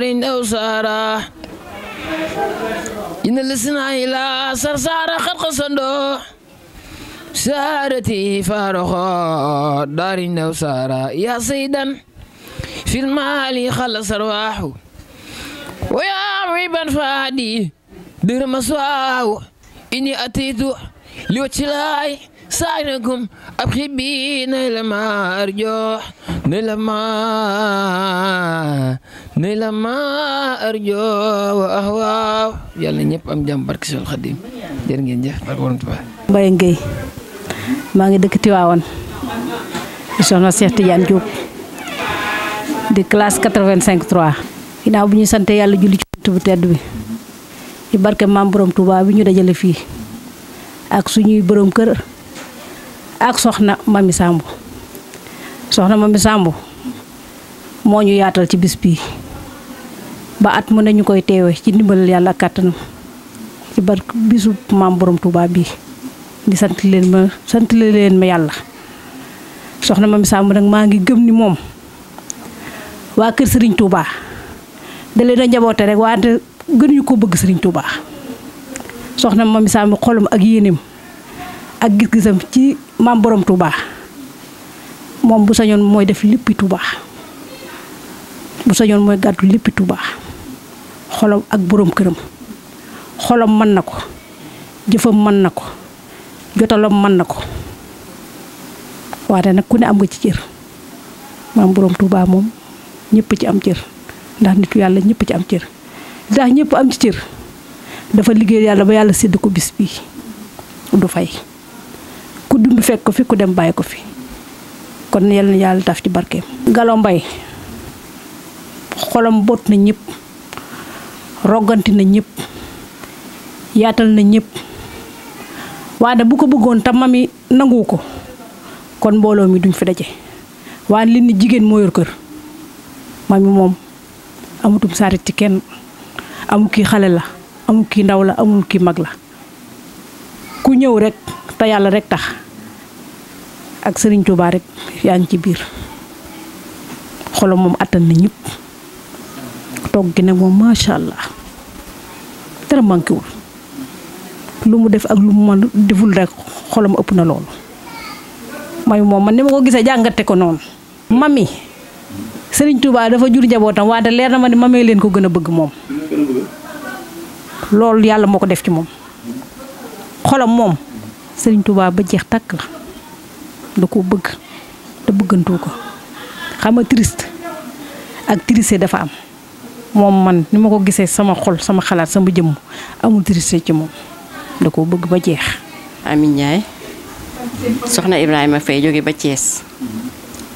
سهر أو سهرة إن لسنا إلى سرسارة خلق صندوق سهرتي فارخ دار أو سهرة يا سيدا في المال خلص أرواحه ويا عيبا فادي دير مسواه إني أتيت لوجه الله سعيكم أبخي بي نيل ما أرجوح نيل ما ne la ma arjo wa ahwa yalla na am jam barke sul khadim jeer ngeen jeex barke Borom tuba baye ngey ma ngi dekk tiwaawon soxna Cheikh Tidiane Diop di classe 85 3 ginnaaw bi ñu sante yalla julli ci tuba tedd bi ci barke mam Borom tuba bi ñu dajale fi ak suñuy borom kër ak soxna Mami sambu soxna Mami sambu moñu yaatal ci bis bii ba at mu nañu koy téwé ci dimbal yalla katanu ci bar bisu mam borom Touba bi di sant leen ma sant leen ma yalla soxna mam sam nak ma ngi gëm ni mom wa keur Serigne Touba da leen a rek wa wante gënuñu ko bëgg Serigne Touba soxna mam sam xolum ak yéeneem ak gis-gisam ci mam borom Touba mom bu sañon moy def léppi Touba bu sañoon mooy gàddu léppi Touba xolam ak borom kërëm xolam man na ko jëfam mën na ko jotalam mën na ko nag ku ne am nga ci cër maam borom tuuba moom ñëpp ci am cër ndax nitu yàlla ñëpp ci am cër ndax ñëpp am ci cër dafa liggéey yàlla ba yàlla sédd ko bis bii du fay ku dund fekk ko fi ku dem bàyyi ko fi kon yàlla na yàlla taf ci barkeem galo mbay xolam bot na ñëpp rogganti na ñëpp yaatal na ñëpp waaye bu ko bëggoon tam mami nangu ko kon mbooloo mi duñ fi daje waaye li ni jigéen moo yor kër mami moom amutum saarit ci kenn amul kii xale la amul ki ndaw la amul kii mag la ku ñëw rekk te yàlla rekk tax ak sëriñ Touba rek yaa ngi ci biir xolam moom àttan na ñépp togg mo ma moom macha allah dara manquéwul lu mu def ak lu mu deful rek xolam upp na loolu may mom man nima ma ko gisse jangate ko non mami Serigne Touba dafa jur njabootam waaye leer na ma ne mamee ko gëna bëgg mom loolu yalla moko def ci mom xolam mom Serigne Touba ba jeex tak la da ko bëgg da bëggantu ko triste ak triste dafa am mom man nima ko gisse sama xol sama xalaat sama jëm amul triste ci mom da ko bëgg ba jeex. Amin Ndiaye soxna Ibrahima fay joge ba ties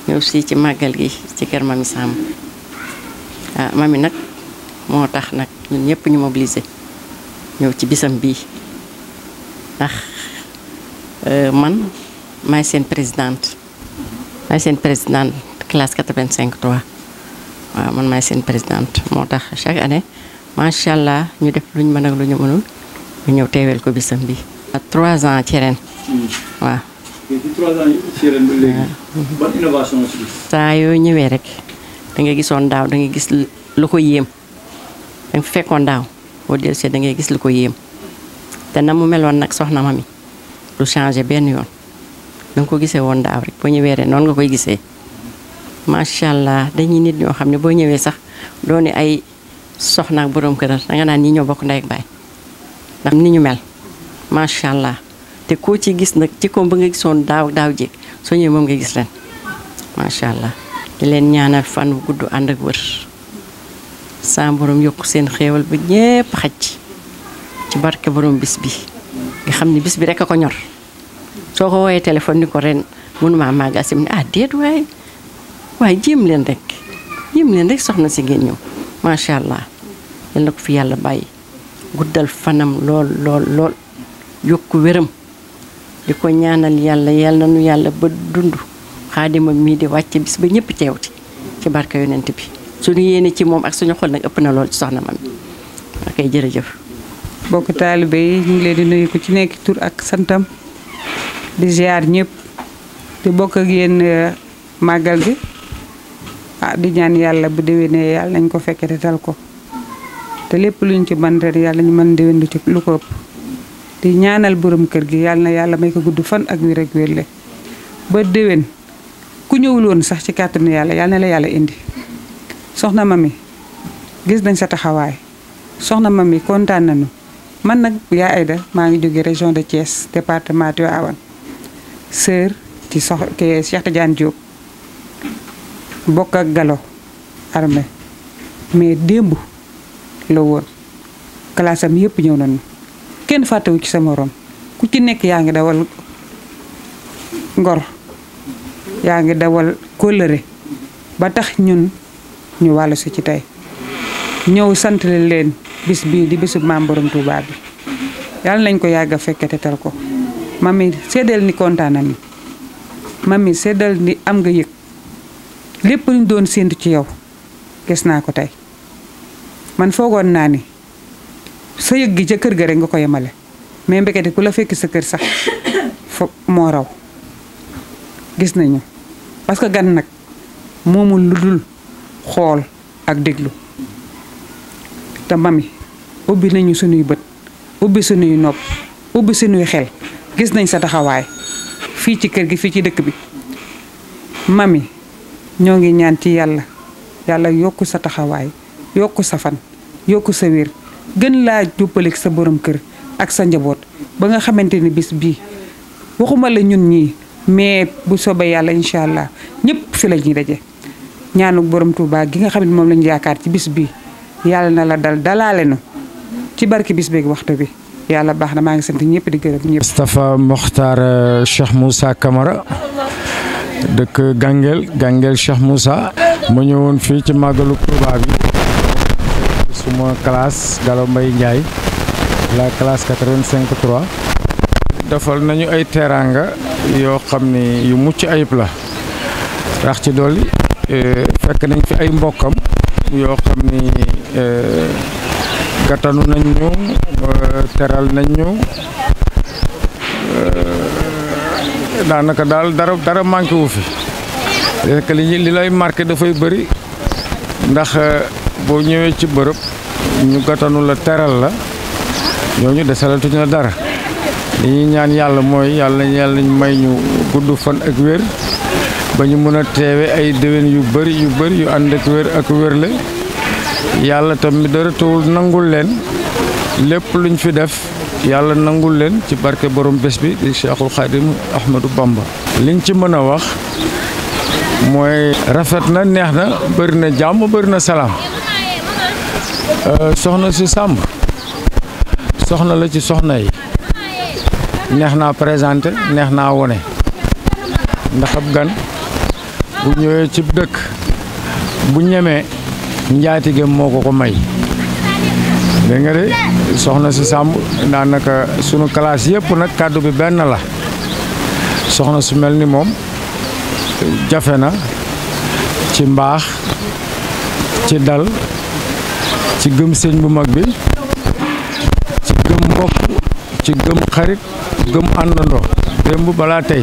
ñëw ci ci magal gi ci kër Mami sam ah mami nak mo tax nak ñun ñepp ñu mobiliser ñëw ci bisam bi tax euh man maay sen présidente maay sen présidente classe 85 3. waaw man maay seen présidente moo tax chaque année macha allah ñu def luñ mën ak lu ñu mënul ñu ñëw teewel ko bisam bi. ak trois ans ci ren. Hmm. saa yoo ñëwee rek da nga gisoon daaw da nga gis lu ko yéem da fekkoon daaw boo dellusee da ngay gis lu ko yéem te na mu meloon nag soxna ma mi du changé benn yoon da ko gisee woon daaw rek boo ñëwee ren noonu nga koy gisee. macha allah dañuy nit ñoo xam ne boo ñëwee sax ni ay soxnaak borom këral danga naa ñi ñoo bokk ndey ak baay ndax ni ñu mel macha allah te koo ci gis nag ci koom ba nga gisoon daaw daaw jéeg soo ñëwee moom nga gis leen macha allah di leen ñaanal fan wu gudd ànd ak wër saa borom yokk seen xéewal ba ñépp xaj ci barke borom bis bi nga xam ni bis bi rek a ko ñor soo ko woowee téléphone ni ko ren mënuma màgg asim ne ah déet waaye waaye jéem leen rek jéem leen rek soxna si ngeen ñëw macha allah yal ko fi yàlla bàyyi guddal fanam lool lool lool yokku wéram di ko ñaanal yàlla yal na nu yàlla ba dund xaadima mii di wàcce bis ba ñëpp teewti ci barka yonent bi suñu yéene ci moom ak suñu xol nag ëpp na lool ci soxna mam akay ay jërëjëf bokk taalibe yi ñu ngi leen di nuyu ku ci nekk tur ak santam di ziar ñëpp di bokk ak yéen euh, màggal gi ah di ñaan yalla bu déwénee yalla nañ ko fekke te tal ko te lépp luñ ci mën ren ñu mën déwén ci lu ko di ñaanal borom kër gi yalla na yalla may ko gudd fan ak wér rek wérle ba déwén ku ñëwul won sax ci kàttanu yalla yalla na la yalla indi soxna mami gis nañ sa taxaway soxna mami contane nañu man nak ya ayda ma ngi joggé région de Thiès département Tivaouane sœur ci sox ke Cheikh Tidiane Diop bokk ak Gallo armée mais démb la woon classe am yëpp ñëw nañu kenn fàttewu ci sa morom ku ci nekk yaa ngi dawal ngor yaa ngi dawal kóllëre ba tax ñun ñu wàllu si ci tey ñëw sant leen bis bii di bisu maam borom Touba bi yàlla nañ ko yàgg a fekke te tal ko mami seddal ni kontaanam mi ma mi séddal ni am nga yëg. lépp luñ doon séentu ci yow gis naa ko tey man foogoon naa ni sa yëg gi ca kër ga rek nga ko yemale mais mbekete ku la fekk sa kër sax fo moo raw gis nañu parce que gan nag moomul lu dul xool ak déglu te mami ubbi nañu sunuy bët ubbi sunuy nopp ubbi sunuy xel gis nañ sa taxawaay fii ci kër gi fii ci dëkk bi mami ñoo ngi ñaan ci yàlla yàlla yokk sa taxawaay yokk sa fan yokk sa wér gën laa jubbaleeg sa borom kër ak sa njaboot ba nga xamante ni bis bii waxuma la ñun ñii mais bu soobee yàlla incha allah ñëpp fi la ñuy daje ñaanu borom Touba gi nga xam ne moom lañu yaakaar ci bis bii yàlla na la dal dalaale nu ci barki bis beeg waxtu bi yàlla baax na maa ngi sant ñëpp di gërëm ñëpp. Moustapha Mokhtar euh, Cheikh Moussa Camara. dekk gangel gangel Cheikh Moussa ma ñewoon fi ci magalu Touba bi suma classe galo mbay ndjay la classe 85 defal nañu ay teranga, yo xamni yu mucc ayib la rax ci euh fekk nañ fi ay mbokam yo xamni euh gatanu nañ ñu eh, teral nañ ñu eh, daanaka daal dara dara manqué wu fi parce que li lay marqué dafay bari ndax euh, boo ñëwee ci bërëb ñu gatanu la teral la ñoo ñu desalatuñu la dara li ñuy ñaan yàlla mooy yàlla yàlla ñu may ñu gudd fan ak wér ba ñu mën a teewe ay déwén yu bari yu bari yu ànd ak wér ak wér la yàlla tamit dara tawul nangul leen lépp luñ fi def yàlla nangul leen ci barke boroom bés bi di Cheikhul Khadim Ahmadou Bamba liñ ci mën a wax mooy rafet na neex na bëri na jàmm bëri na salaam euh, soxna si sàmb soxna la ci soxna yi neex naa présenté neex naa wone ndax gan bu ñëwee cib dëkk bu ñemee njaatigem moo ko ko may dengare sohna de soxna si Samb sunu classe yep nak kàddu bi ben la soxna su melni mom jafena na ci mbax ci dal ci gem sëñ bu mag bi ci gem mbokk ci gem xarit andando dem bu bala tay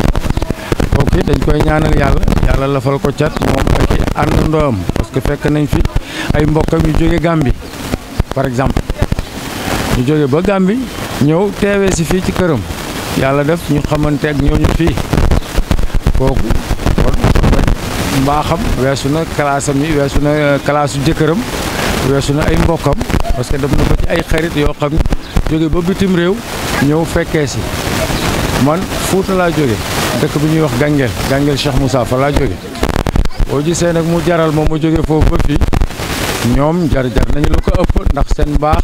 ok dañ koy ñaanal yalla la fal ko cat mom ak andandom parce que fekk nañ fi ay mbokam yu joge Gambie par exemple ñu jóge ba Gàmbi ñëw teewee si fii ci këram yàlla def ñu xamante ak ñooñu fii kooku mbaaxam weesu na classe am yi weesu na euh, classe jëkkëram weesu na ay mbokkam parce que na ko ay xarit yoo xam ne jóge ba bitim réew ñëw fekkee si man Fuuta laa jóge dëkk bi ñuy wax Gàngeel Gàngeel Cheikh Moussa fa laa jóge boo gisee nag mu jaral ma mu jóge foofu ba fii ñoom jar jar nañu lu ko ëpp ndax seen mbaax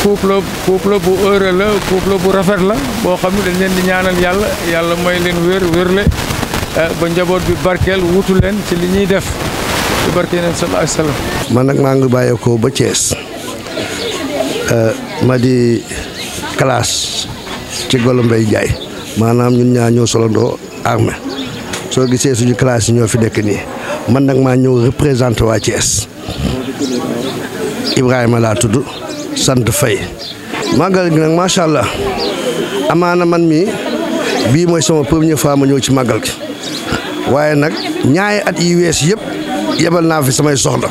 couple couple bu heure la couple bu rafet la boo xam dañ leen di ñaanal yàlla yàlla may leen wér wérle eh, ba njaboot bi barkeel leen ci li def ci barke yeneen sallallahu alayhi wasallam man nag maa ngi bàyyeekoo ba Thiès eh, ma di classe ci golo jaay maanaam ñun ñaa ñoo solandoo armée soo gisee suñu ñoo fi man Ibrahima sant fay màggal gi nag macha allah amaana man mii bii mooy sama première fois ma ñëw ci màggal gi waaye nag ñaari at yi wees yëpp yebal naa fi samay soxla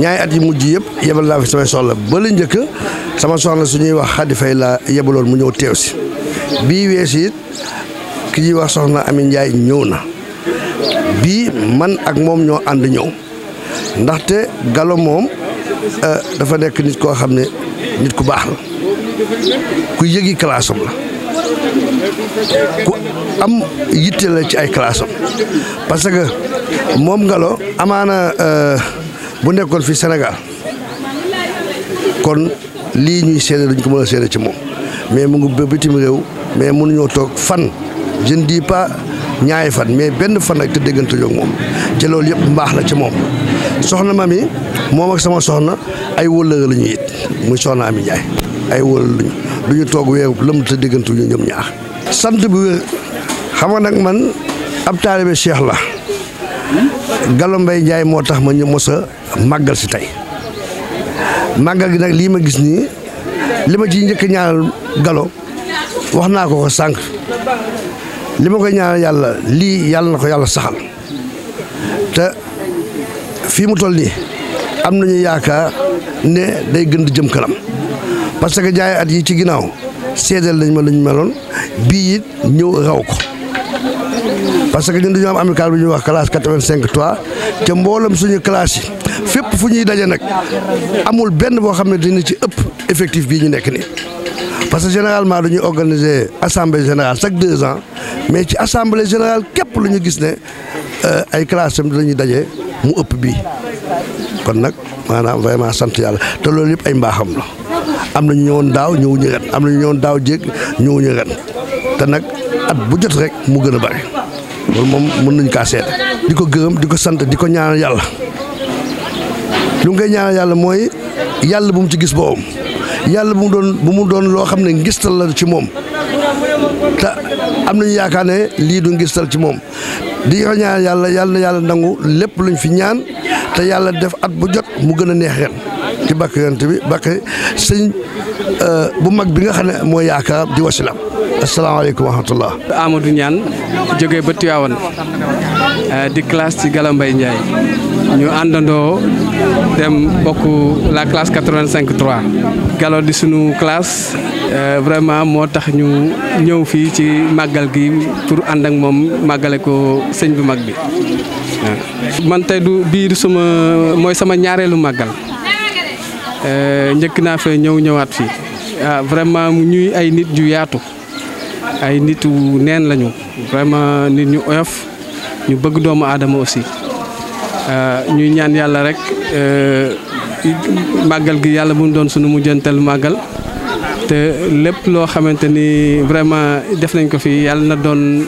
ñaari at yi mujj yëpp yebal naa fi samay soxla ba la njëkk sama soxla su ñuy wax xaddi fay laa yebaloon mu ñëw teew si bii wees it ki ñuy wax soxna Ami njaay ñëw na bii man ak moom ñoo ànd ñëw ndaxte galo moom Euh, dafa nekk nit koo xam ne nit ku baax la ku yëgi classe la ku am yitte ci ay classe am parce que moom Ngalo amaana euh, bu nekkoon fi senegal kon lii ñuy seede duñ ko mën a seede ci moom mais mu ngi ba bitim réew mais mënuñoo toog fan je ne dis ñaari fan mais benn fan ak te déggante ak moom ci loolu yëpp mbaax la ci moom soxna ma mi moom ak sama soxna ay wëllëre la ñu it muy soxna Ami Ndiaye ay wëllëre luñu du ñu toog weeru lëmm te déggante ñu ñoom ñaar sant bu wér xam nga nag man ab taalibe cheikh la galo mbay njaay moo tax ma ñu mos a màggal si tey màggal gi nag lii ma gis nii li ma ciy njëkk ñaanal galo wax naa ko ko sànq li ma koy ñaar yàlla lii yàlla na ko yàlla saxal te fii mu toll nii am nañu yaakaar ne day gën di jëm kanam parce que jaay at yi ci ginnaaw seedeel lañ ma lañ meloon bii it ñëw raw parce que ñun dañoo am amical bu ñuy wax classe quatre-vingt-cinq trois te mboolem suñu classe yi fépp fu ñuy daje nag amul benn boo xam ne dina ci ëpp effectif bii ñu nekk nii parce que généralement dañuy organiser assemblée générale chaque deux ans mais ci assemblée générale képp luñu gis né euh ay classam dañuy dajé mu upp bi kon nak manam vraiment sant yalla té loolu yépp ay mbaxam la amna ñu ñewon daw ñëwuñu ñu am amna ñu ñewon daw jégg jéeg ñu ren té nak at bu jot rek mu gëna bari loolu mom mën nañ ka sét diko ko diko di ko sant di ko ñaanal yàlla lu ngay ñaanal yalla moy yalla bu mu ci gis boobam yàlla bu mu doon bu mu doon loo xam ne ngistal la ci moom te am nañu yaakaar ne lii du ngistal ci moom di ko ñaan yàlla yàlla na yàlla nangu lépp luñ fi ñaan te yàlla def at bu jot mu gën a neex ren ci bàkk yonent bi bàkk sëñ euh, bu mag bi nga xam ne mooy yaakaar di wasilam asalaamaaleykum wa rahmatullah Amadou Niane jógee ba Tiwaawan euh, di classe ci Galambay Ndiaye ñu andando dem bokku la classe 85 3 galo di sunu classe euh, vraiment motax ñu ñew fi ci magal gi pour and ak mom magalé ko sëñ bu mag bi man tay du biir suma moy sama ñaarelu magal euh njëkk na fa ñew ñewat fi ah vraiment ñuy ay nit ju yaatu ay nitu neen lañu vraiment nit ñu oyof ñu bëgg doomu adama aussi Euh, ñuy ñaan yàlla rek euh, màggal gi yàlla bu mu doon suñu mujjantal màggal te lépp loo xamante ni vraiment def nañ ko fii yàlla na doon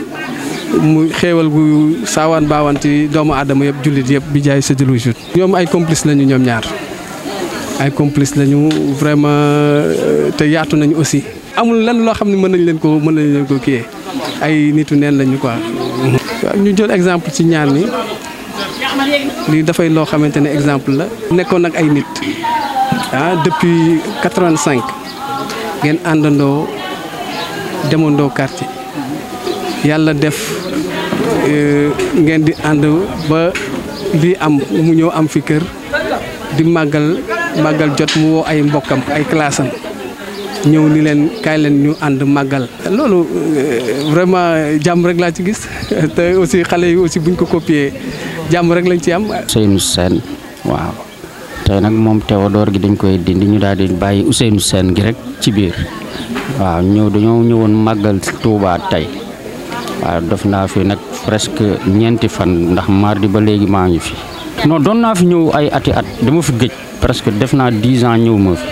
mu xéewal gu saawaan baawaan ci doomu adama yëpp jullit yëpp bi jaay sa jëlu jut ñoom ay complice lañu ñoom ñaar ay complice lañu vraiment euh, te yaatu nañu aussi amul lan loo xam ne mën nañ leen ko mën nañ ay nitu neen lañu quoi. ñu jël exemple ci ñaar ni li da fay lo ne exemple la nekkon nak ay nit ah depuis 85 ngeen andando demondo quartier yalla def euh, ngeen di ando ba lii am mu ñoo am fi kër di magal magal jot mu wo ay mbokam ay classam ñew ni len kay len ñu and magal lolu euh, vraiment jam rek la ci gis te aussi xalé yi aussi buñ ko copier jàmm rek lañ ci am. Ousseynou waaw tey nag moom Théodore gi dañ koy dindi ñu daal di bàyyi Ousseynou seen gi rek ci biir waaw ñëw dañoo ñëwoon màggal Touba tey waaw def naa fi nag presque ñeenti fan ndax mardi ba léegi maa ngi fi. non doon naa fi ñëw ay ati at dama fi gëj presque def naa dix ans ñëw ma fi.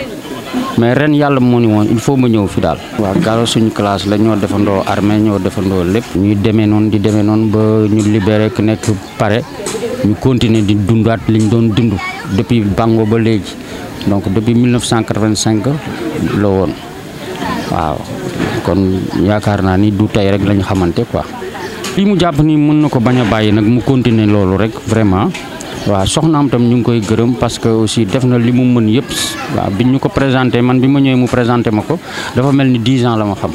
mais ren yàlla moo ni woon il faut ma ñëw fii daal waa galo suñu classe la ñoo defandoo armée ñoo defandoo lépp ñuy demee noonu di demee noonu ba ñu libéré ku nekk pare ñu continuer di dundaat liñ doon dund depuis Bango ba léegi donc depuis 1985 la woon waaw kon yaakaar naa ni du tey rek lañu xamante quoi li mu jàpp ni mën na ko bañ a bàyyi nag mu continuer loolu rek vraiment waaw am tam ñu ngi koy gërëm parce que aussi def na li mu mën yëpp waaw bi ñu ko présenté man bi ma ñëwee mu présenté ma ko dafa mel ni 10 ans la ma xam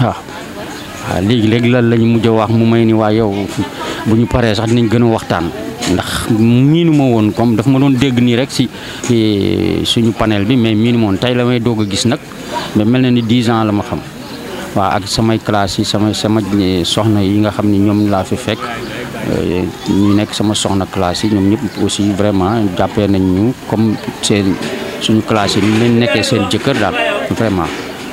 waaw. waaw léegi léegi lan mujj a wax mu may ni waa bu ñu paree sax dinañ gën a waxtaan ndax miinu ma woon comme daf ma doon nii rek si suñu panel bi mais miinu ma tey la may doog gis nag mais mel na ni 10 ans la ma xam waaw ak samay classes yi sama sama eh, soxna yi nga xam ni ñoom laa fi fekk. Euh, ñu nekk sama soxna classe yi ñoom ñëpp aussi vraiment jàppee nañ ñu comme seen suñu classe yi ni nekkee seen jëkkër daal vraiment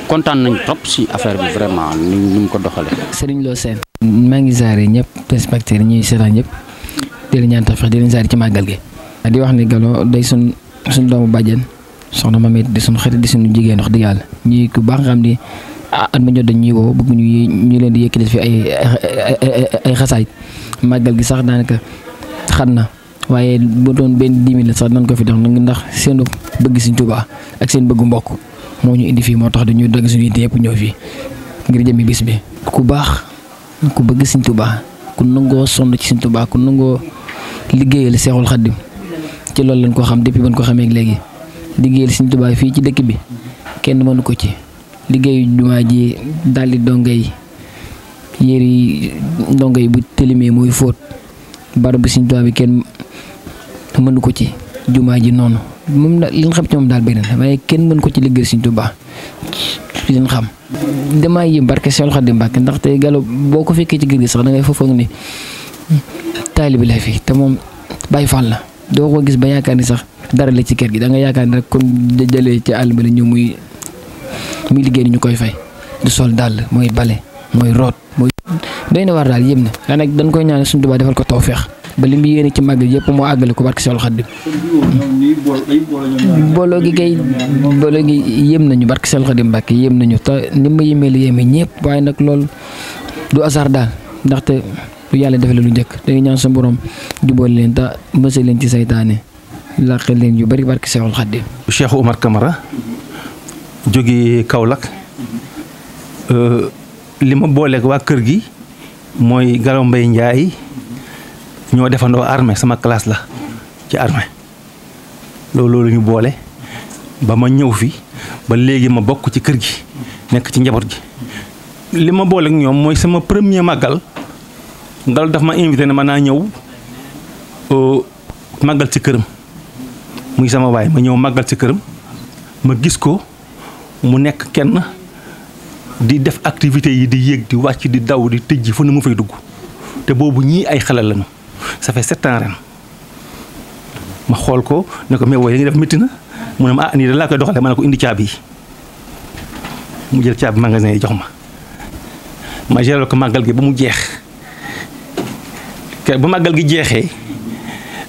kontaan nañ trop si affaire bi vraiment ñu mu ko doxalee. Serigne loo seen maa ngi ziare ñëpp inspecteur ñuy seetaan ñëpp de leen ñaan tawfeex di leen ziare ci màggal gi. di wax ni Gallo day sun suñ doomu bàjjen soxna moom it di suñ di suñu jigéen wax dëgg yàlla ñuy ku baax nga xam ni ah, at ma ñëw dañ ñuy woo ñu ñu leen di yëkkati fi ay ay ay xasaay màggal gi sax ka xat na waaye bu doon benn dix la sax nan ko fi def ndax seenu bëgg Sëriñ tubaa ak seen bëggu mbokk moo ñu indi fii moo tax dañuy dagg suñu yitte yëpp ñëw fii ngir jëmmi bis bi. ku baax ku bëgg Sëriñ tubaa ku nangoo sonn ci Sëriñ Tuubaa ku nangoo liggéeyal Seexul Xaddim ci loolu lañ ko xam depuis ban ko xamee léegi liggéeyal Sëriñ tubaa fii ci dëkk bi kenn mënu ko ci liggéeyu jumaa ji daldi donge yi yeri ndongay bu télimé moy fot barab seigne tuba bi kenn mënu ko ci jumaa ji noonu moom li nga xam ci mom dal benen waye ken mën ko ci liggéey seigne tuba ci leen xam dama yi barke khadim Xaadim ndax tay galo boko ko ci gër sax da ngay foofoog ni talib la fi te mom bay Faal la do ko gis ba yaakaar ni sax dara la ci kër gi da nga yaakaar rek kon jëlee ci àll ba la ñëw muy mi liggéey ni ñu fay du sol dal moy bale mooy root mooy doy na war daal yëm na la nag dañ koy ñaan suñu Tuubaa defal ko tawféex ba li mu yéene ci màgg yëpp moo àggale ko barke Seexul Xaddim booloo gi kay booloo gi yëm nañu barke Seexul Xaddim Mbàkke yëm nañu te ni ma yëmee la yëmee ñëpp waaye nag loolu du asar daal ndaxte lu yàlla defale lu njëkk dañuy ñaan sa borom jubal leen te mësal leen ci saytaane làqal leen yu bari barke Seexul Xaddim Cheikh Oumar Camara jóge Kaolack euh, li ma booleeg waa kër gi mooy Galaw Mbaye Ndiaye ñoo defandoo armée sama classe la ci armée loolu loolu ñu boole ba ma ñëw fi ba léegi ma bokk ci kër gi nekk ci njaboot gi li ma booleek ñoom mooy sama premier màggal Galaw daf ma invité ne man naa ñëw euh, màggal ci këram muy sama waay ma ñëw màggal ci këram ma gis ko mu nekk kenn. di def activité yi di yéeg di wàcc di daw di tëjji fu ne mu fay dugg te boobu ñii ay xelal lañu ça fait sept ans ren ma xool ko ne ko mais wooy nga def métti na mu a ma ah nii da laa koy doxalee ma ne ko indi caabi mu jël caabi magasin yi jox ma ma géral ko màggal gi ba mu jeex te ba màggal gi jeexee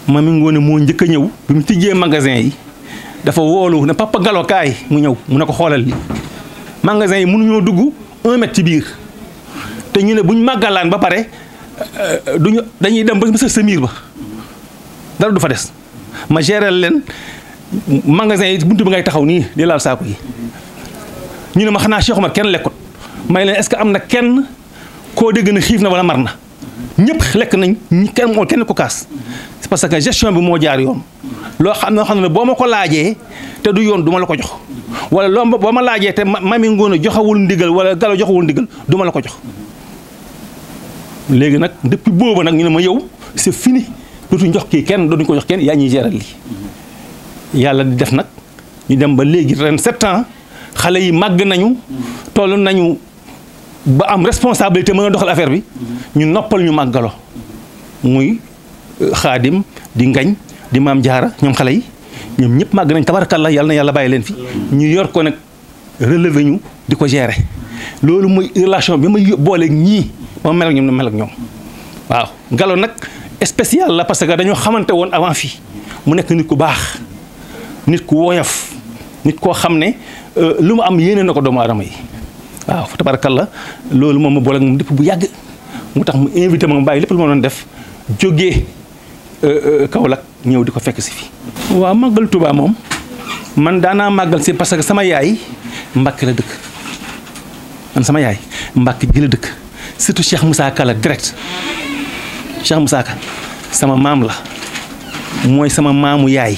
ma mi ngi woon moo njëkk a ñëw bi mu tijjee magasin yi dafa woolu ne papa galo kaay mu ñëw mu ne ko xoolal li magasin yi mënuñoo dugg un mètre ci biir te ñu ne buñ màggalaan ba pare euh, duñu dañuy dem ba sa miir ba dara du fa des ma gérer leen magasin yi buntu bi ngay taxaw nii di laal saako yi ñu ne ma xanaa Cheikh Omar kenn lekkut may leen est-ce que am na kenn koo dégg na xiif na wala mar na ñëpp lekk nañ kenn kokaas parce que gestion bi moo jaar yoon loo xam ne xam ne boo ma ko laajee te du yoon du la ko jox wala loo boo ma laajee te mami ngoon joxawul ndigal wala galo joxawul ndigal du ma ko jox léegi nag depuis booba nag ñu ne ma yow c'est fini dootuñ jox kii kenn dootuñ ko jox kenn yaa ñuy géral lii yàlla di def nag ñu dem ba léegi ren sept ans xale yi màgg nañu toll nañu ba am responsabilité mën a doxal affaire bi ñu noppal ñu màggaloo muy xaadim di ngañ di maam jaara ñoom xale yi ñoom ñëpp màgg nañ tabarakàllah yàlla na yàlla bàyyi leen fi ñu yor ko nag relevé ñu di ko gérer loolu mooy relation bi ma booleeg ñii ma mel ak ñoom mel ak ñoom waaw Gallo nag spécial la parce que dañoo xamante woon avant fii mu nekk nit ku baax nit ku woyof nit koo xam ne euh, lu mu am yéene na ko doomu aadama yi waaw la loolu moom ma booleeg moom depuis bu yàgg mu tax mu invité ma bàyyi lépp lu ma doon def jógee Euh, euh, Kau ñew diko fekk ci fi wa magal tuba mom man dana magal si parce que sama yaay mbak la dëkk man sama yaay Mbàkke gi la dëkk surtout Cheikh Moussa kala direct Cheikh Moussa Ka sama mam la moy sama mamu yaay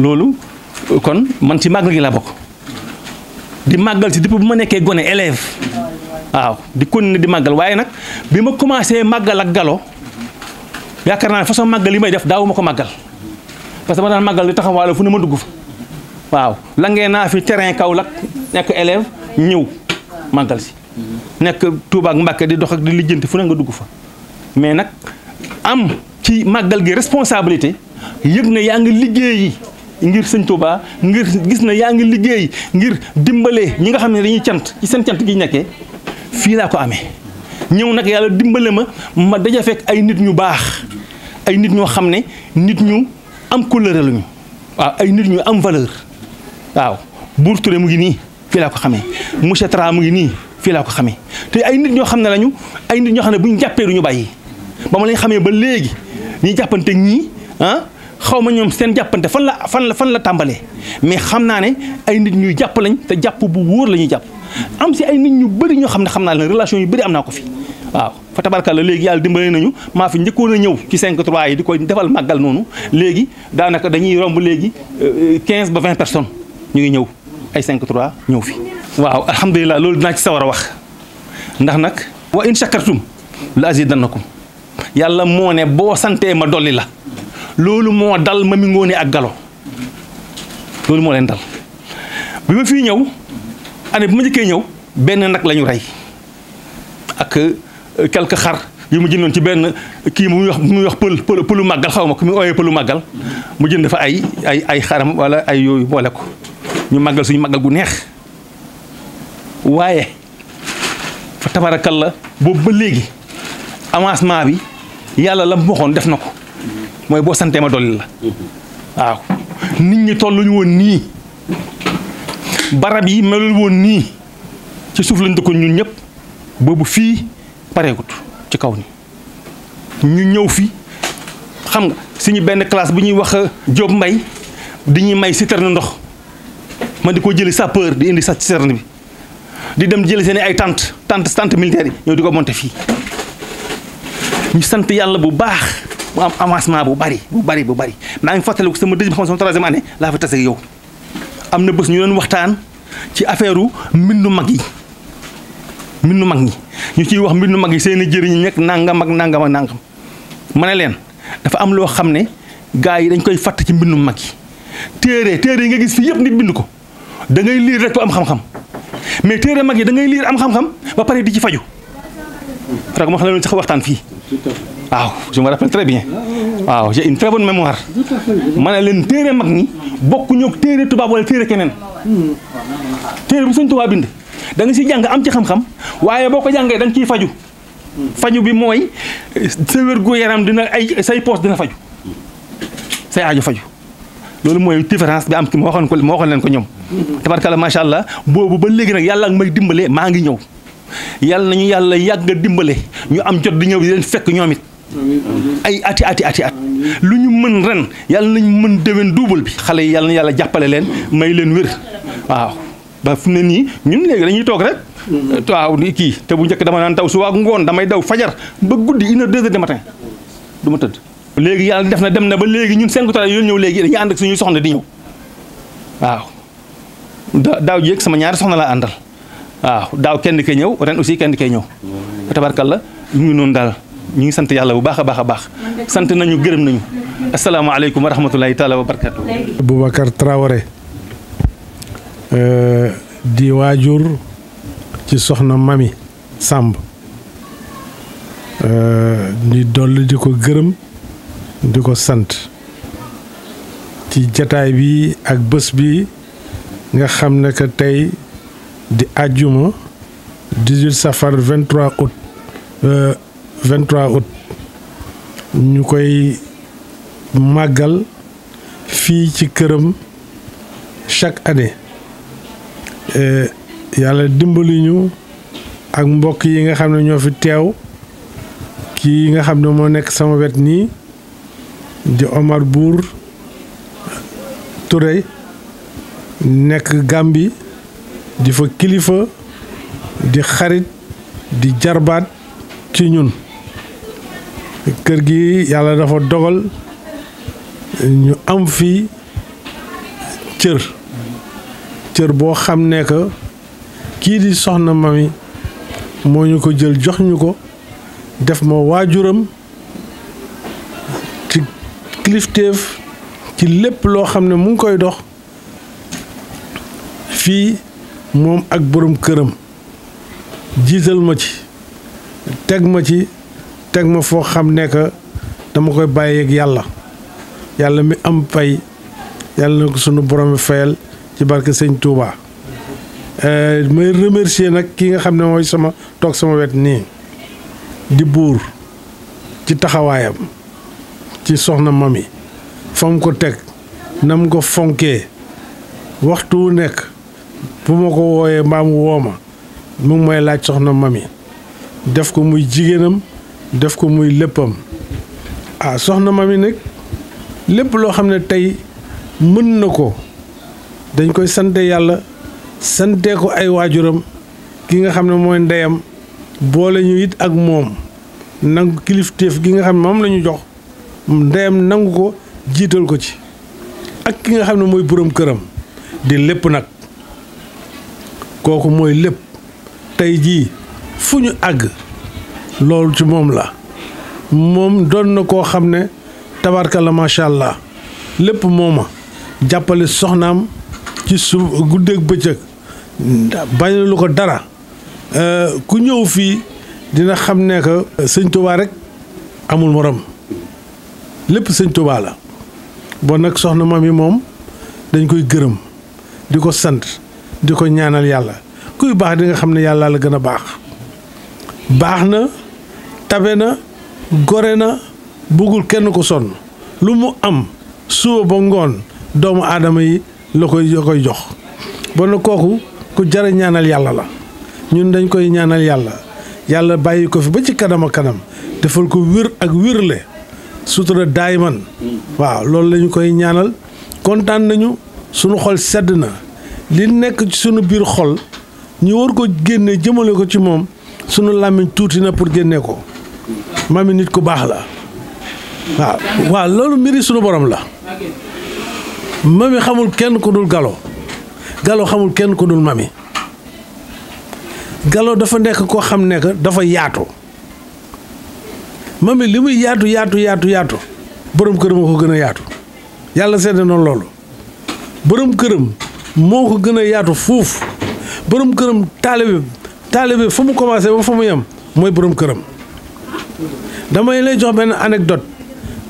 lolu kon man ci magal gi la bok di magal si depuis bu ma nekkee gone élève waaw di kon di magal waye nak bima commencé magal ak galo yaakaar na ne façon màggal yi def daaw ma ko màggal parce que ma daan magal li taxawale fu ne ma dugg waaw la ngay na fi terrain lak nek élève ñew magal si nek Touba ak Mbàkke di dox ak di lijjanti fu ne nga dugg fa mais nak am ci magal gi responsabilité yeug ne ya nga liggéeyi ngir seigne Touba ngir gis na ya nga liggéey ngir dimbalé ñi nga xam dañuy tiant ci seen tiant gi nekkee fi la ko amé ñew nak yalla dimbalé ma ma dajé fek ay nit ñu bax ay nit ñoo xam ne nit ñu am couleur lañu waaw ay nit ñu am valeur waaw Buur Touré mu ngi nii fii laa ko xamee monsieur Tra mu ngi nii fii laa ko xamee te ay nit ñoo xam ne lañu ay nit ñoo xam ne bu ñu jàppee du ñu bàyyi ba ma lañ xamee ba léegi ñuy jàppante ñii ah, xaw ma ñoom seen jàppante fan la fan la fan la tàmbalee mais xam naa ne ay nit ñuy jàpp lañ te jàpp bu wóor la ñuy jàpp am si ay nit ñu bari ñoo xam ne xam naa leen relation yu bari am naa ko fi waaw fa tabarkalla léegi yàlla dimbale nañu maa fi njëkkoon a ñëw ci 5 3 yi di koy defal màggal noonu léegi daanaka dañuy romb léegi 15 euh, ba vingt personnes ñu ngi ñëw ay cinq 3 ñëw fi. waaw alhamdulilah loolu dinaa ci sawar a wax ndax nag. wa in shakartum la azidannakum yàlla moo ne boo santee ma dolli la loolu moo dal ma mi ak galo loolu moo leen dal bi ma fii ñëw année bi ma njëkkee ñëw benn nag la ñu rey quelque xar yi mu jëndoon ci benn kii mu wax mu wax pël pël pëlu màggal xaw ma ku mu ooyee pëlu màggal mu jënd fa ay ay ay xaram walla ay yooyu boole ko ñu màggal suñu màggal gu neex waaye fa la boobu ba léegi avancement bi yàlla la mu waxoon def na ko mooy boo santee ma dolli la waaw nit ñi tolluñu woon nii barab yi melul woon nii ci suuf lañ dëkkoon ñun ñëpp boobu fii pareegut ci kaw ni ñu ñëw fi xam nga suñu benn classe bu ñuy wax euh, Diop Mbay di ñuy may citerne ndox man di ko jëli sapeur di indi sa citerne bi di dem jëli seen ay tente tant tente militaire yi ñëw di ko monte fii ñu sant yàlla bu baax mu am avancement bu bari bu bari bu bari maa ngi fàttaliku sama deuxième xam sama troisième année laa fa tase yow am na bés ñu doon waxtaan ci affaire u mbindu mag yi mbindu mag ñi ñu ciy wax mbindu mag yi seen jëriñ nekk nangam ak nangam ak nangam ma ne leen dafa am loo xam ne gaa yi dañ koy fàtt ci mbindu mag yi téere téere yi nga gis fi yëpp nit bind ko da ngay liir rek ba am xam-xam mais téere mag yi da ngay liir am xam ba pare di ci faju rek ma xam ne sax fii waaw bien waaw j'ai ma ne leen téere mag ñi bokkuñu ak téere tubaab wala téere keneen téere bu sëñ tubaab bind danga nga siy jàng am ci xam-xam waaye boo ko jàngee da ciy faju faju bi mooy sa wér gu yaram dina ay say poos dina faju say aajo faju loolu mooy différence bi am ki ma waxoon ko ma waxoon leen ko ñoom tabarkalla macha allah boobu ba léegi nag yàlla ak may dimbale maa ngi ñëw yàlla na ñu yàlla yàgg a dimbale ñu am jot di ñëw di leen fekk ñoom it ay ati ati ati at lu ñu mën ren yàlla nañ mën déwén duubal bi xale yi yàlla na yàlla jàppale leen may leen wér waaw ba fu ne nii ñun léegi dañuy toog rek. waaw mm-hmm. kii te bu njëkk dama naan daw suba ak ngoon damay daw fajar ba guddi une heure deux heures du matin du tëdd. léegi yàlla def na dem na ba léegi ñun cinq trois yooyu ñëw léegi dañuy ànd suñuy soxna di ñëw waaw daaw jéeg sama ñaari soxna laa àndal waaw daaw kenn kay ñëw ren aussi kenn kay ñëw mm-hmm. la ñu ngi noonu daal ñu ngi sant yàlla bu baax a baax a baax mm-hmm. sant nañu gërëm nañu asalaamaaleykum wa rahmatulahi taala wa barakaatu. Euh, di waajur ci soxna mami sàmb euh, di dolli di ko gërëm di ko sant ci jataay bi ak bés bi nga xam ne que tey di àjjuma 18 safar 23 août 23 euh, août ñu koy màggal fii ci këram chaque année E, yàlla dimbali ñu ak mbokk yi nga xam ne ñoo fi teew kii nga xam ne moo nekk sama wet nii di Omar Bour Touré nekk Gàmbi di fa kilifa di xarit di jarbaat ci ñun kër gi yàlla dafa dogal ñu am fii cër cër boo xam ne que kii di soxna mami moo ñu ko jël jox ñu ko def ma waajuram ci kilifteef ci lépp loo xam ne mu ngi koy dox fii moom ak borom këram jiital ma ci teg ma ci teg ma foo xam ne que dama koy bàyyi ak yàlla yàlla mi am fay yàlla na ko sunu borom fayal ci barke sëñ Touba eh, may remercier nag ki nga xam ne mooy sama toog sama wet nii di buur ci taxawaayam ci soxna mami fa mu ko teg na mu ko fonkee waxtu wu nekk bu ma ko wooyee mbaa mu woo ma mu ngi may laaj soxna mami def ko muy jigéenam def ko muy léppam ah soxna mami nag lépp loo xam ne tey mën na ko dañ koy sante yàlla sante ko ay waajuram ki nga xam ne mooy ndeyam boole ñu it ak moom nangu kilifteef gi nga xam ne moom la ñu jox ndeyam nangu ko jiital ko ci ak ki nga xam ne mooy boroom këram di lépp nag kooku mooy lépp tey jii fu ñu àgg loolu ci moom la moom doon na koo xam ne tabarka la macha allah lépp mooma jàppale soxnaam ci suuf guddeeg bëccëg bañ lu ko dara euh, ku ñëw fii dina xam ne que sëñ rekk amul morom lépp sëñ Tuubaa la bon nag soxna maam yi moom dañ koy gërëm di ko sant di ko ñaanal yàlla kuy baax di nga xam ne yàlla la gën a baax baax na tabe na gore na bëggul kenn ko sonn lu mu am suba ba ngoon doomu aadama yi la koy la koy jox bon kooku ku jara ñaanal yàlla la ñun dañ koy ñaanal yàlla yàlla bàyyi ko fi ba ci kanam a kanam defal ko wér ak wérle sutura daay man waaw loolu lañu koy ñaanal kontaan nañu sunu xol sedd na li nekk sunu biir xol ñu war ko génne jëmale ko ci moom sunu làmmiñ tuuti na pour génne ko mami nit ku baax la waaw waaw loolu mbiri sunu borom la mami xamul kenn ku dul galo galo xamul kenn ku dul mami galo dafa nekk koo xam ne dafa yaatu mami li muy yaatu yaatu yaatu yaatu borom këram moo gën a yaatu yàlla seede na loolu borom këram moo ko gën a yaatu fuuf borom këram taalibe taalibe fa mu commencé ba fa mu yem mooy borom këram damay lay jox benn anecdote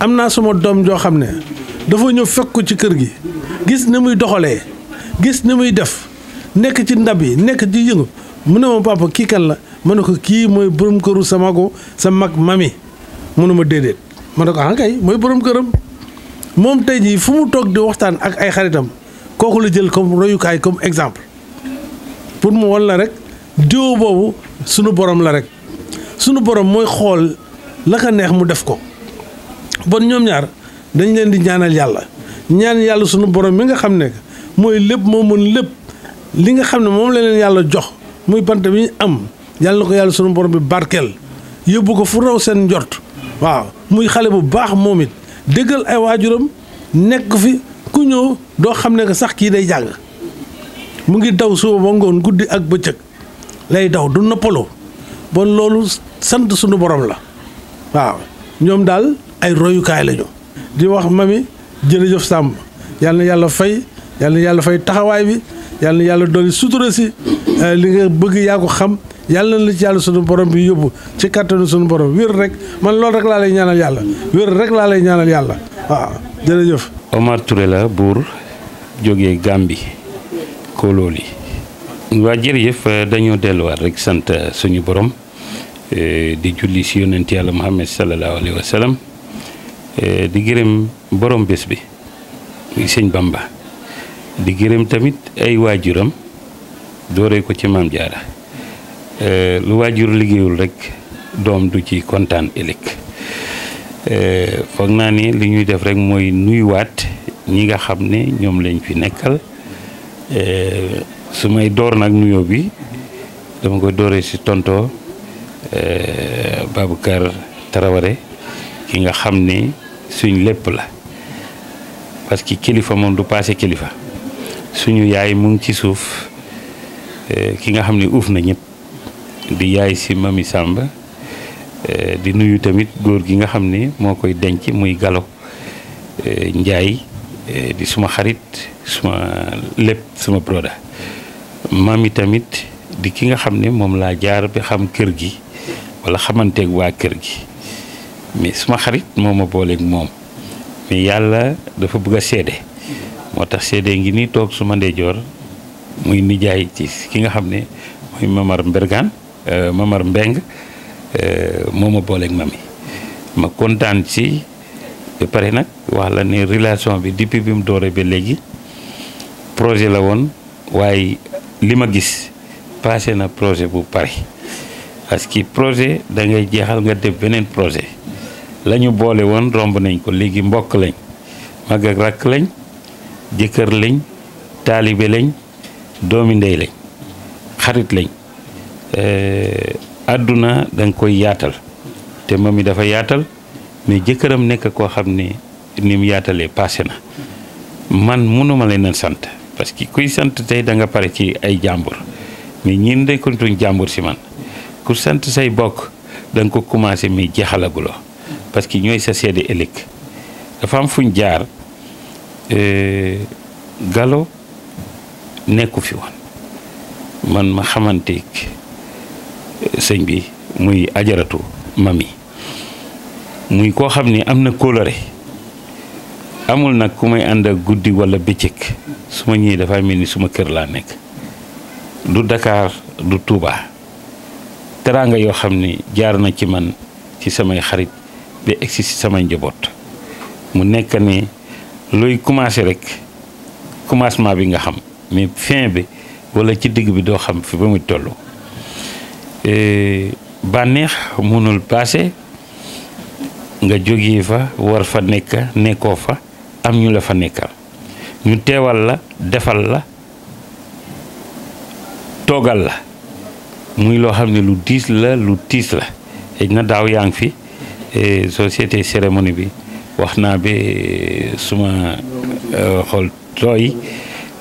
am naa suma doom joo xam ne dafa ñëw fekk ko ci kër gi gis ni muy doxalee gis ni muy def nekk ci ndab yi nekk ci yëngu mu ne ma kii kan la mën ne ko kii mooy borom këru sa mago sa mag mami mu ne ma déedéet ma ne ko ah mooy borom këram moom tey jii fu mu toog di waxtaan ak ay xaritam kooku la jël comme royukaay comme exemple pour mu wan la rek diw boobu sunu borom la rek sunu borom mooy xool la ko neex mu def ko bon ñoom ñaar. dañ leen di ñaanal yàlla ñaan yàlla sunu borom mi nga xam ne mooy lépp moo mën lépp li nga xam ne moom la leen yàlla jox muy bant bi am yàlla ko yàlla sunu borom bi barkel yóbbu ko fu raw seen njort waaw muy xale bu baax moom it dëggal ay waajuram nekk fi ku ñëw doo xam ne sax kii day jàng mu ngi daw suba ba ngoon guddi ak bëccëg lay daw du noppaloo bon loolu sant sunu borom la waaw ñoom daal ay royukaay lañu di wax mami jërëjëf sàmm yàlla na yàlla fay yàlla na yàlla fay taxawaay bi yàlla na yàlla dolli sutura si eh, li nga bëgg yaa ko xam yàlla na la ci yàlla sunu borom bi yóbbu ci kàttanu sunu borom wér rek man loolu rek laa lay ñaanal yàlla wér rek laa lay ñaanal yàlla waaw jërëjëf. Omar Touré la buur jógee Gàmbi Kololi. waa jërëjëf eh, dañoo delluwaat rek sant eh, suñu borom di julli si yonent yàlla Muhammad sallallahu alayhi wa Eh, di gërëm borom bés bi muy Bamba di gërëm tamit ay waajuram dooree ko ci maam jaara eh, lu waajur liggéeyul rekk doom du ci kontaan ëllëg eh, foog naa ni li ñuy def rekk mooy nuyuwaat ñi nga xam ne ñoom lañ fi nekkal su may door nag nuyoo bi dama ko dooree ci tonto Babacar Taraware ki nga xam ne suñ lépp la parce que kilifa moom du passé kilifa suñu yaay mu ngi ci suuf eh, ki nga xam ne uuf na ñëpp di yaay si mami Samba eh, di nuyu tamit góor gi nga xam ni moo koy denc muy galo eh, njaay di suma xarit suma lépp suma broda mami tamit di ki nga xam ne moom laa jaar bi xam kër gi walla xamanteeg waa kër gi mi suma xarit moma bolé ak mom mi yalla dafa bëgg sédé motax sédé ngi ni tok suma jor muy nijaay ci ki nga xamné muy Mamar Mbergan euh, Mamar Mbeng euh, moma bolé ak mami ma contane ci bi pare nak wax la ne relation bi depuis bi mu doré bi légui projet la won waye lima gis passé na projet bu pare parce que projet da ngay jéxal nga def benen projet lañu boole woon romb nañ ko léegi mbokk lañ mag rakk lañ jëkkër lañ taalibe lañ doomi ndey lañ xarit lañ àdduna da koy yaatal te moom mi dafa yaatal mais jëkkëram nekk koo xam ne ni mu yaatalee passé na man mënuma leen a sant parce que kuy sant tey da nga pare ci ay jàmbur mais ñin day kontuñ jàmbur si man ku sant say bokk da ko commencé mais jeexalaguloo parce que ñooy sa seede ëllëg dafa am fuñ jaar euh, galo nekku fi woon man ma xamanteeg euh, sëñ bi muy ajaratu mami muy koo xam ni am na kóolare amul nag ku may ànd ak guddi walla bëccëg su ma ñëwee dafa mel ni suma kër laa nekk du dakaar du Touba teraanga yoo xam ni jaar na ci man ci samay xarit ba egsi si sama njaboot mu nekk ni luy commencé rek commencement bi nga xam mais fin bi wala ci digg bi doo xam fi ba muy toll e, bànneex mënul paase nga jógee fa war fa nekk nekkoo fa am ñu la fa nekkal ñu teewal la defal la toogal la muy loo xam ne lu diis la lu tiis la xëy na daaw yaa ngi fi société cérémonie bi wax naa bi euh, suma euh, xol tooy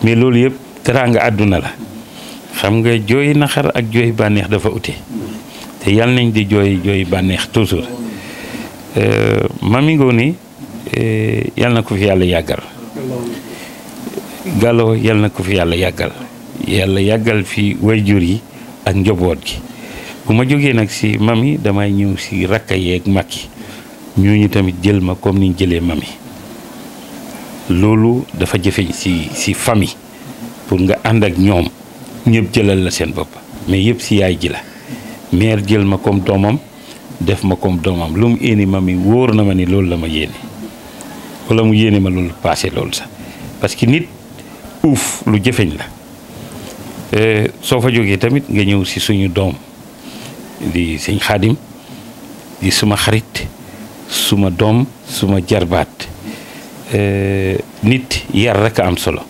mais loolu yëpp teraanga àdduna la xam nga jooy naxar ak jooy bànneex dafa ute te yàlla nañ di jooy jooy bànneex toujours euh, Mamy Ngoné yàlla na ko fi yàlla yàggal Gallo yàlla na ko fi yàlla yàggal yàlla yàggal fi jur yi ak njoboot gi bu ma jógee nag si mami damay ñëw si rakka yeeg mag yi ñooñu tamit jël ma comme ni ñu jëlee mami loolu dafa jëfeñ si si famille pour nga ànd ak ñoom ñëpp jëlal la seen bopp mais yëpp si yaay ji la mère jël ma comme doomam def ma comme doomam lu mu yéene mami wóor na ma ni loolu la ma yéene wala mu yéene ma loolu passé loolu sax parce que nit uuf lu jëfeñ la eh, soo fa jógee tamit nga ñëw si suñu doom di sëñ xaadim di suma xarit suma doom suma jarbaat nit yar rek a am solo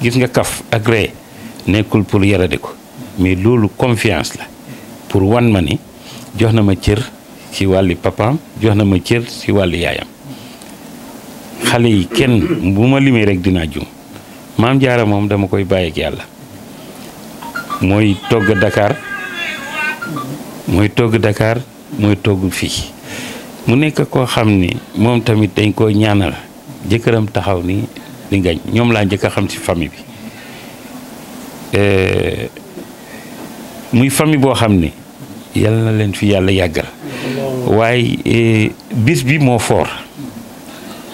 gis nga kaf ak ree nekkul pour yarade ko mais loolu confiance la pour wan ma ni jox na ma cër ci wàlli papam jox na ma cër ci wàlli yaayam xale yi kenn bu ma limee rek dinaa jum maam jaara moom dama koy bàyyi yàlla mooy togg dakaar mooy togg dakaar mooy togg fii mu nekk koo xam ni moom tamit dañ koo ñaanal jëkkëram taxaw ni di ngañ ñoom laa njëkk a xam si famille bi eh, muy famille boo xam ni yàlla na leen fi yàlla yàggal waaye eh, bis bi moo foor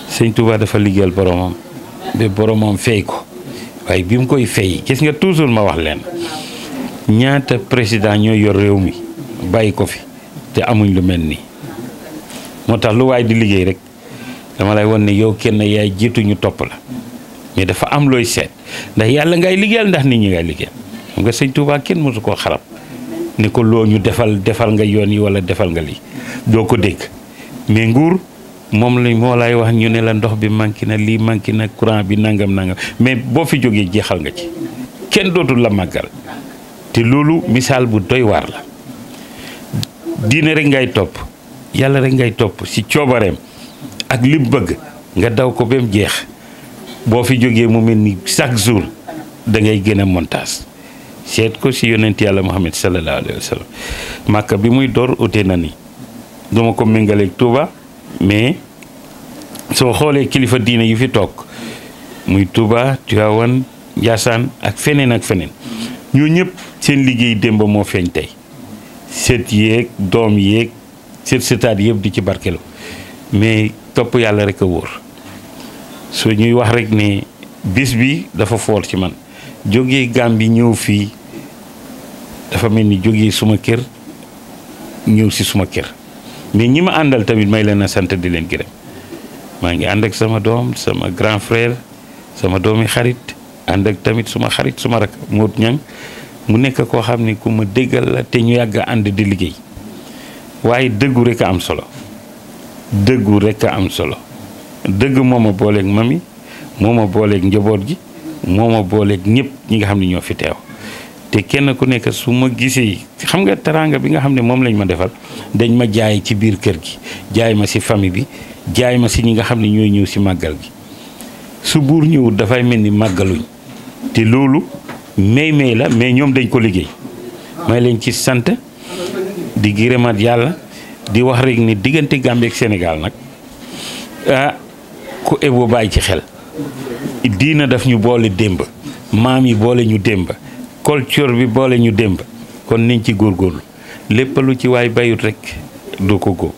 sëñ Touba dafa liggéeyal boromam ba boromam fay ko waaye bi mu koy fay gis nga toujours ma wax leen ñaata président ñoo yor réew mi Bayi ko fi te amuñ lu melni motax lu way di liggey rek dama lay won ne yow kenn yaay jitu ñu top la ñi dafa am loy set ndax yalla ngay liggéeyal ndax nit ñi ngay liggéeyal xam nga seigne touba kenn musu ko xarab ni ko defal defal nga yoon yi wala defal nga li do ko deg mais nguur mom lay mo lay wax ñu ne la ndox bi manqué na lii manqué na courant bi nangam nangam mais bo fi joge jexal nga ci kenn dootul la magal te lolu misal bu doy war la diine rek ngay topp yàlla rek ngay topp si coobareem ak li bëgg nga daw ko ba mu jeex boo fi jógee mu mel ni chaque jour da ngay gën a montage seet ko si yonent yàlla Muhammad sallallahu alayhi wa màkka bi muy door ute na ni duma ko méngaleeg Touba mais soo xoolee kilifa diina yu fi toog muy Touba Tivaouane Ndiassane ak feneen ak feneen ñoo ñëpp seen liggéey démb moo feeñ tey seet yeeg doom yeeg seet seetaat yëpp di ci barkelu mais topp yàlla rek a so ñuy wax rek ne bis bi dafa foor ci man jógee gambi nyu fi dafa mel ni jógee suma kër si suma kër mais ma tamit may leen a di leen gërëm ma ngi sama dom sama grand frère sama domi xarit andek ak tamit suma xarit suma rak ñang mu nekk koo xam ni ku ma déggal la te ñu yàgg ànd di liggéey waaye dëggu rekk am solo dëggu rek am solo dëgg moo ma booleeg mami moo ma booleeg njaboot gi moo ma booleeg ñëpp ñi nga xam ne ñoo fi teew te kenn ku nekk su ma gisee xam nga teraanga bi nga xam ne moom lañ ma defal dañ ma jaay ci biir kër gi jaay ma si famille bi jaay ma si ñi nga xam ne ñooy ñëw si màggal gi su buur ñëwul dafay mel ni màggaluñ te loolu may may la mais ñoom dañ ko liggéey may leen ci sant di gërëmaat yàlla di wax rek ni diggante gàmbeek ak nag ah ku ebo bàyyi ci xel diina daf ñu boole démb maam yi boole ñu démb koltur bi boole ñu démb kon niñ ci góorgóorlu lépp lu ci waay bayut rek du ko góob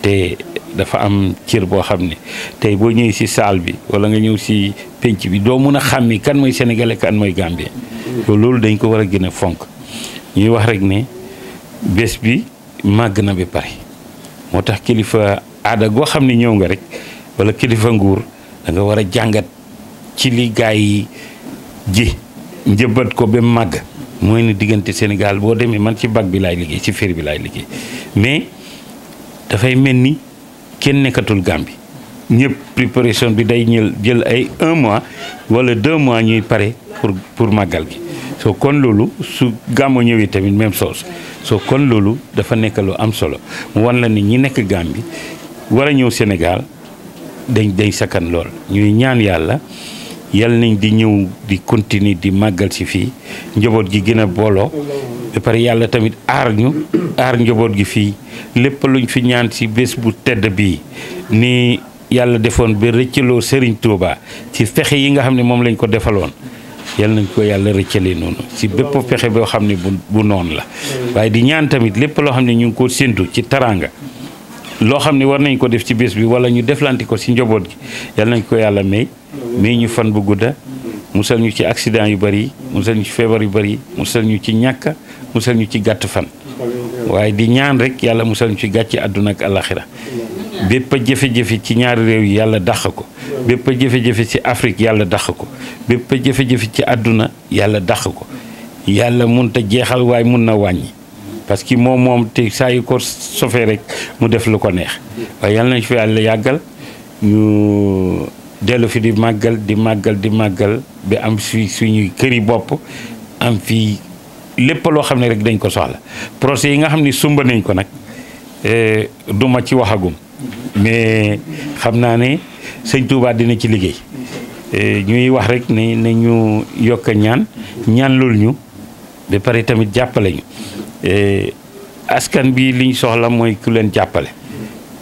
te dafa am cër bo xamni tay bo boo ci si bi wala nga ñëw ci penc bi do mëna a kan moy sénégalais kan moy gambien loolu dañ ko wara gëna a fonk ñuy wax rek ne bés bi màgg na ba pare motax kilifa ada go xamni ne ñëw nga rek wala kilifa nguur da nga wara jangat ci li gaay ji njëbat ko ba mag moy ni digënté Sénégal bo démé man ci bag bi lay liggé ci féer bi lay liggé mais da fay melni kenn nekkatul bi ñëpp préparation bi day ñël jël ay un mois wala deux mois ñuy pare pour pour màggal gi soo kon loolu su gàmmo ñëwee tamit même chose soo kon loolu dafa nekk lu am solo mu wan la ni ñi nekk bi war a ñëw Sénégal dañ day sakkan lool ñuy ñaan yàlla. yal nañ di ñëw di continuer di màggal si fii njaboot ji gën a booloo ba pare yàlla tamit aar ñu aar njaboot gi fii lépp luñ fi ñaan si bés bu tedd bii nii yàlla defoon ba rëccaloo sëriñ Touba ci fexe yi nga xam ne moom lañ ko defaloon yal nañ ko yàlla rëccale noonu si bépp fexe boo xam ne bu noon la waaye di ñaan tamit lépp loo xam ne ñu ngi ko séntu ci taraanga loo xam ne war nañ ko def ci bés bi wala ñu deflanti ko si njoboot gi yal nañ ko yàlla may mais ñu fan bu gudda musal ñu ci accident yu bari musal ñu ci feebar yu bari musal ñu ci ñàkk musal ñu ci gàtt fan waaye di ñaan rek yàlla musal ñu ci gàcc àdduna ak alaxira bépp jafe-jafe ci ñaari réew yi yàlla dàq ko bépp jafe-jafe ci Afrique yàlla dàq ko bépp jafe ci àdduna yàlla dàq ko yàlla mun te jeexal waaye mun na wàññi parce que moom moom te saa yu ko sofee rek mu def lu ko neex waaye yàlla nañ fi yàlla yàggal delu fi di magal di magal di magal bi am fi suñu keri bop am fi lepp lo xamne rek dañ ko soxla projet yi nga xamni sumba nañ ko euh duma ci waxagum mais xamna ne seigne Touba dina ci euh ñuy wax rek ne nañu yok ñaan ñaan lul ñu pare tamit jappale ñu eh, askan bi liñ soxla moy ku len jappale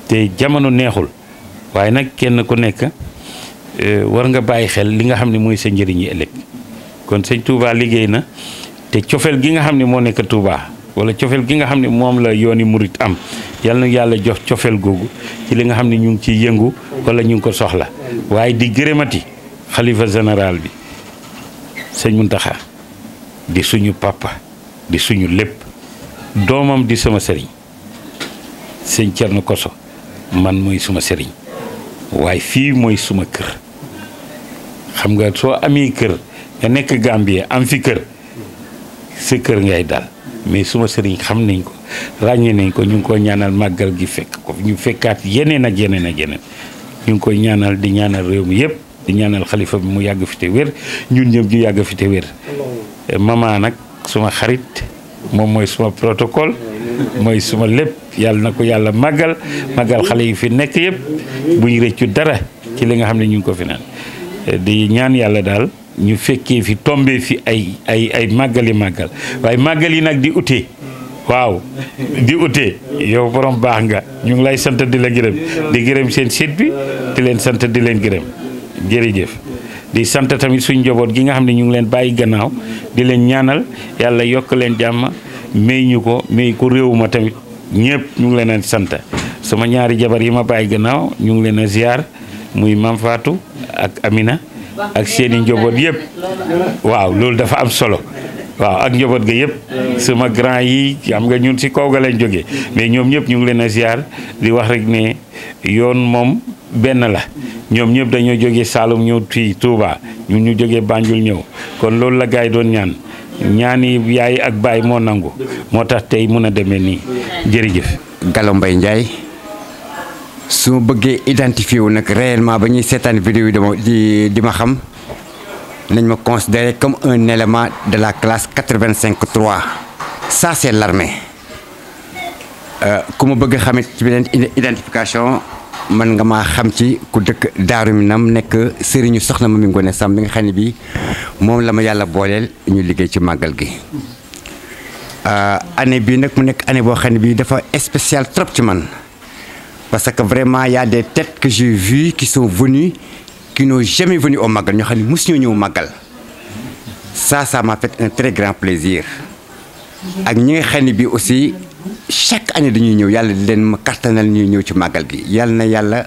te jamono neexul waye nak kenn ku nekk Euh, war nga bàyyi xel li nga xam ne mooy sa njëriñ yi ëllëg kon sëñ Touba liggéey na te cofeel gi nga xam ne moo nekk Touba wala cofeel gi nga xam ne moom la yooni murit am yal na yàlla jox cofeel googu ci li nga xam ne ñu ngi ciy yëngu wala ñu ngi ko soxla waaye di gërëmati xalifa général bi sëñ Muntaxa di suñu papa di suñu lépp doomam di sama sëriñ na ko so man mooy suma sëriñ waaye fii mooy suma kër xam nga soo amee kër nga nekk Gambie am fi kër sa kër ngay dal mais suma sëriñ xam nañ ko ràññee nañ ko ñu ngi koy ñaanal màggal gi fekk ko ñu fekkaat yeneen ak yeneen ak yeneen ñu ngi koy ñaanal di ñaanal réew mi yëpp di ñaanal xalifa bi mu yàgg fi te wér ñun ñëpp ñu yàgg fi te wér mama nag suma xarit moom mooy suma protocole mooy suma lépp yàlla na ko yàlla màggal màggal xale yi fi nekk yëpp bu ñu rëccu dara ci li nga xam ne ñu ngi ko fi naan di ñaan yàlla daal ñu fekkee fi tombé fi ay ay ay màggali màggal waaye màggal yi nag di utee waaw di ute yow borom baax nga ñu ngi lay sant di la gërëm di gërëm seen site bi di leen sant di leen gërëm jërëjëf di sant tamit suñ njoboot gi nga xam ne ñu ngi leen bàyyi gannaaw di leen ñaanal yàlla yokk leen jàmm may ñu ko may ko réew ma tamit ñëpp ñu ngi leen a sant sama ñaari jabar yi ma bàyyi gannaaw ñu ngi leen a ziar muy Mam ak Amina ak seeni njaboot yëpp waaw loolu dafa am solo waaw ak njoboot ga yëpp sama grand yi xam nga ñun si kaw ga lañ jógee mais ñoom ñëpp ñu ngi leen a ziar li wax rek ne yoon moom benn la ñoom ñëpp dañoo jóge Saalum ñëw fii Touba ñu ñu jóge Banjul ñëw kon loolu la gars yi doon ñaan ñaani yaay ak baay moo nangu moo tax tey mun a demee nii jërëjëf. Gallo Mbaye Ndiaye. su ma bëggee identifié wu nag réellement ba ñuy seetaan vidéo yi dama di ma xam nañ ma considéré comme un élément de la classe cinq 3 ça c'est l'armée euh, ku ma bëgg xamit ci beneen identification man nga maa xam ci ku dëkk Daaru Minam nekk sëriñu soxna Mamy Ngoné sam bi nga xam ne bii moom la ma yàlla booleel ñu liggéey ci màggal gi euh, année bii nag mu nekk année boo xam ne bii dafa spécial trop ci man parce que vraiment il y a des têtes que j'ai vues qui sont venues qui n'ont jamais venu au Magal Nous sommes venus au Magal ça ça m'a fait un très grand plaisir et nous aussi chaque année dañuy ñëw il di magal. nous avons ñuy ci Magal gi y na nous le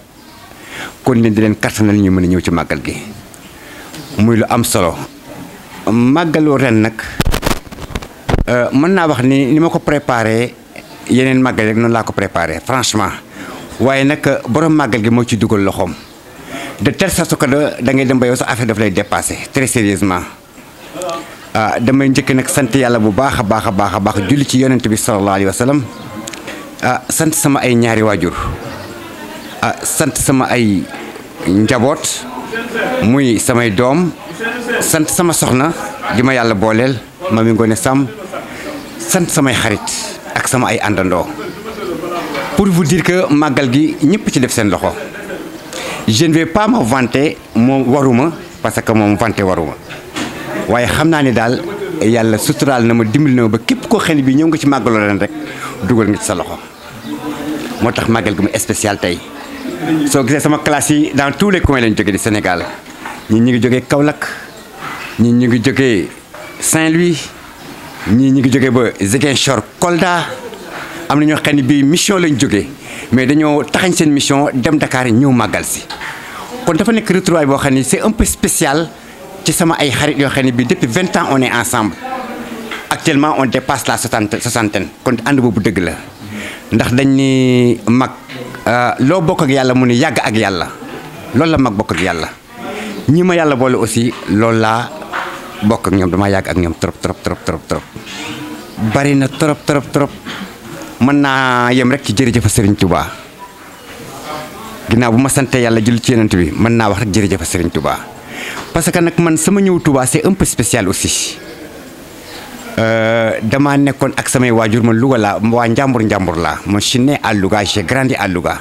Magal gi muy lu euh, préparé préparé franchement waaye nag euh, borom màggal gi moo ci dugal loxoom de telle sorte que dangay ngay dem ba yow sa affaire daf lay dépassé très sérieusement ah, damay njëkk nag sant yàlla bu baax a baax a baax a baax julli ci yonent bi sallallahu alayhi wa sallam ah sant sama ay ñaari waajur ah sant sama ay njaboot muy samay doom sant sama soxna di ma yàlla booleel Mamy Ngoné Samb sant samay xarit ak sama ay àndandoo. pour vous dire que pas ci def je ne vais pas me vanter mon waruma parce que me vanter waruma Waye xam ne na ma ba kep ko ne que nga ci Magal lan rek duggal nga sa loxo motax magal spécial tay so que sama classe dans tous les coins lañu Sénégal ñi ñi ngi Kaolack ñi ñi ngi Saint-Louis ñi ñi ngi ba Kolda. amna ñoo xani bi mission lañ joggé mais dañoo taxañ seen mission dem Dakar ñew magal ci kon dafa nek retrouvaille bo xani c'est un peu spécial ci sama ay xarit yo xani bi depuis 20 ans on est ensemble actuellement on dépasse la 60 kon ànd boobu deug la ndax dañ ni mag euh, lo bok ak yalla mu ni yag ak yalla lool la mag bok ak yalla ñima yalla bolé aussi lool la bok ak ñom dama yag ak ñom trop trop trop trop trop bari na trop trop trop mena yam rek ci jërëjëf Serigne Touba ginaaw bu sante yalla jël ci yenant bi mën naa wax rek jërëjëf Serigne Touba parce que nak man sama ñew Touba c'est un peu spécial aussi eh, dama nekkon ak sama wajur man njambur né à Louga j'ai grandi à Louga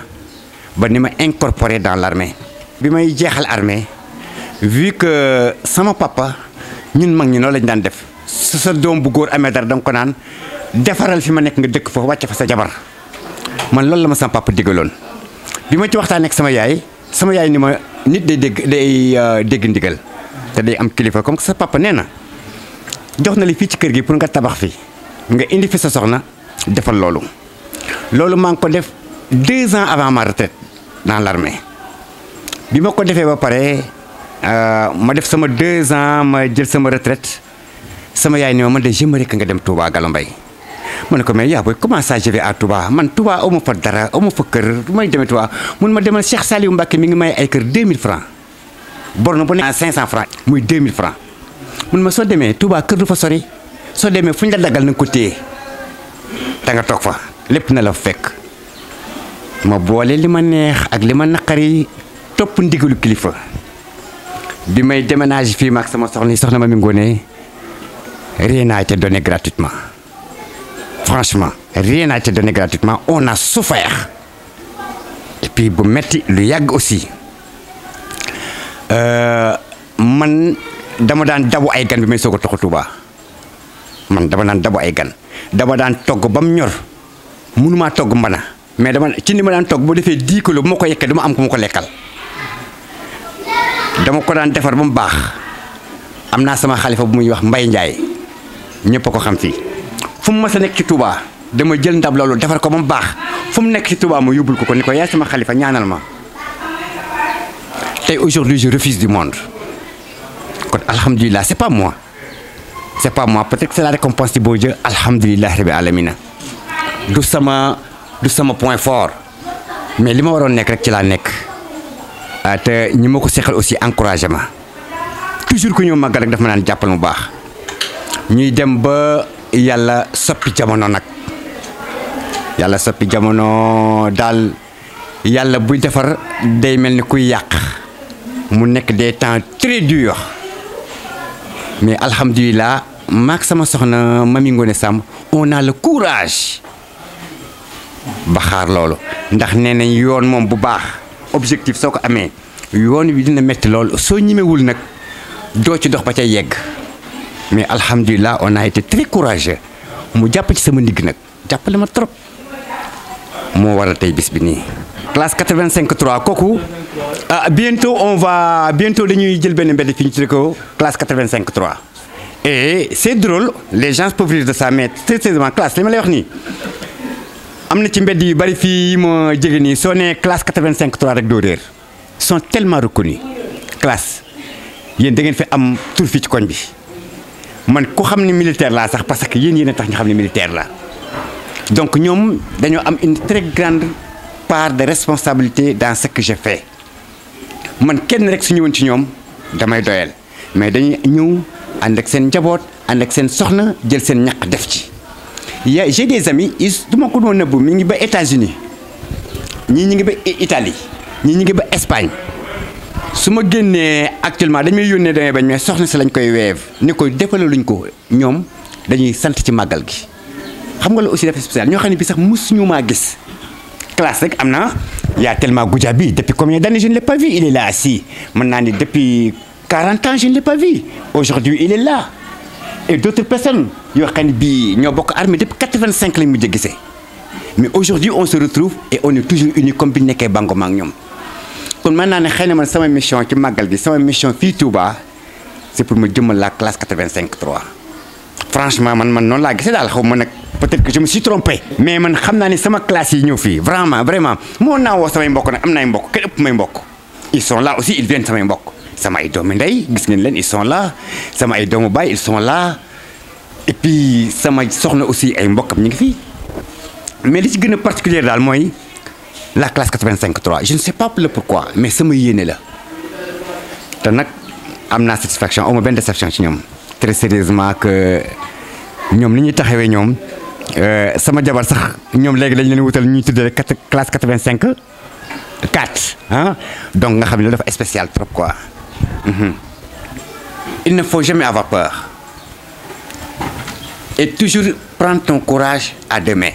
ba ni ma incorporé dans l'armée bi may armée vu que sama papa ñun mag ñi no lañ dan def sa doom bu góor amé dar dang ko nan defaral fi ma nekk nga dëkk fa wàcc fa sa jabar man loolu la ma sama papa digaloon bi ma ci waxtaan ak sama yaay sama yaay ni ma nit day dégg day euh, dégg ndigal te day am kilifa comme sa papa nee na jox na li fii ci kër gi pour nga tabax fi nga indi fi sa soxna defal loolu loolu maa ko def deux ans avant ma retraite dans l'armée bi ma ko defee ba pare euh, ma def sama deux ans ma jël sama retraite sama yaay ni ma man de ma que nga dem Touba Gallo Mbaye ma ne ko mais yaa booy comment ça je vais à Touba man Touba amu fa dara amu fa kër may demee Touba mun ma demal Cheikh Saliou Mbacke mi ngi may ay kër 2000 francs borne bu nekk 500 francs muy 2000 francs mun ma soo demee Touba kër du fa sori soo demee fu ñu la daggal na ko té te nga fa lépp na la fekk ma boole li ma neex ak li ma naqari topp ndigalu kilifa bi may déménage fii ak sama soxna soxna ma mi ngoonee rien n'a été gratuitement Franchement, rien n'a été donné gratuitement. On a souffert. Et puis, vous mettez le YAG aussi. Euh, man, dama daan dabu ay gan bi may soog a toxu Touba man dama daan dabu ay gan dama daan togg ba mu ñor munumaa togg mbana mais dama ci ni ma daan togg boo defee 10 kilos bu ma ko am ku ma lekkal dama ko daan defar ba baax am sama xalifa bu muy wax Mbay Njaay ñëpp ko xam fii fum ma sa nek ci Touba dama jël ndab loolu defar ko mom bax fum nek ci Touba ma yobul ko ko niko ya sama khalifa ñaanal ma tay aujourd'hui je refuse du monde kon alhamdullilah c'est pas moi c'est pas moi peut-être c'est la récompense du bon Dieu alhamdullilah rabbi alamin du sama du sama point fort mais lima waron nek rek ci la nek ah, te ñi ma ko aussi encouragement toujours ku ñu magal rek daf ma naan jàppal mu bax ñuy dem ba yàlla soppi jamono nag yàlla soppi jamono daal yàlla buy defar day mel ni kuy yàq mu nekk des temps du durs mais alhamdulilah maak sama soxna Mamy Ngoné Samb on a le courage ba xaar loolu ndax nee nañ yoon moom bu baax objectif soo ko amee yoon wi dina metti lool soo ñimewul nag doo ci dox ba ca yegg mais alhamdulilah on a été très courageux mu japp ci sama ndigg nak jàppale ma trop mo wara tay bis bi ni classe 85 3 kooku ah bientôt on va bientôt dañuy jël benn mbéd fiñ ci tuddee ko classe 85 3 et c'est drôle les gens peuvent rire de ça mais très sérieusement classe li ma lay wax ni amna ci mbéd yu bari fi mo jege nii soo classe 85 3 rek doo réer sont tellement reconnus classe yeen da ngeen fi am tour fi ci koñ bi man ko xamni militaire la sax parce que yéen yéen tax ñu xamni militaire la donc ñom dañu am une très grande part de responsabilité dans ce que j'ai fait man kenn rek su won ci ñoom damay doyel mais dañuy ñëw ànd ak seen njaboot ànd ak seen soxna jël seen ñak def ci. ya j'ai des amis ils du ko do neub mi ngi ba États-Unis ñii ñi ngi ba Italie ñii ñi ngi ba Espagne vous ma actuellement dañuy yónnee dañuy bañ mais soxna lañ koy ni ko Vous luñ ko ñom dañuy sant ci magal gi xam aussi spécial bi sax classe rek depuis combien d'années je ne l'ai pas vu il est là depuis 40 ans je ne l'ai pas vu aujourd'hui il est là et d'autres personnes yo bi ño depuis 85 lañ mais aujourd'hui on se retrouve et on est toujours unis comme bi nekkee kon mën naa ne man sama mission ci magal gi sama mission fi Touba c'est pour me jëmmal la classe 85 3 franchement man man noonu laa gisee daal xaw ma nag peut-être que je me suis trompé. mais man xamna ni sama classe yi ñu fi vraiment vraiment moo naa sama samay mbokk nak am na ay mbokk kenn ëpp may mbokk ils sont là aussi ils viennent samay mbokk sama ay doomu ndey gis ngeen len ils sont là sama ay doomu bay ils sont là et puis sama soxna aussi ay mbokk ñu ngi fii mais li ci gëna particulier dal moy la classe 85-3 je ne sais pas le pourquoi mais sama yéene la te nag am naa satisfaction aw ma benn déception ci très sérieusement que ñoom li ñuy taxawee ñoom euh, sama jabar sax ñoom léegi dañ leen wutal ñuy tuddee classe 85 4 Hein? donc nga xam ne dafa spécial trop quoi mhm. il ne faut jamais avoir peur et toujours prendre ton courage à deux mains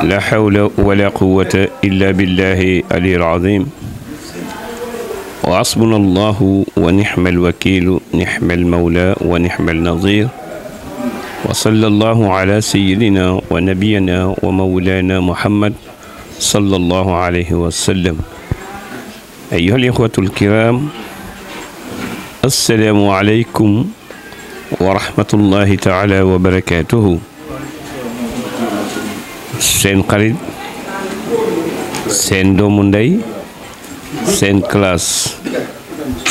لا حول ولا قوة إلا بالله العلي العظيم وعصبنا الله ونحم الوكيل نحم المولى ونحم النظير وصلى الله على سيدنا ونبينا ومولانا محمد صلى الله عليه وسلم أيها الإخوة الكرام السلام عليكم ورحمة الله تعالى وبركاته seen xarit seen doomu ndey seen classe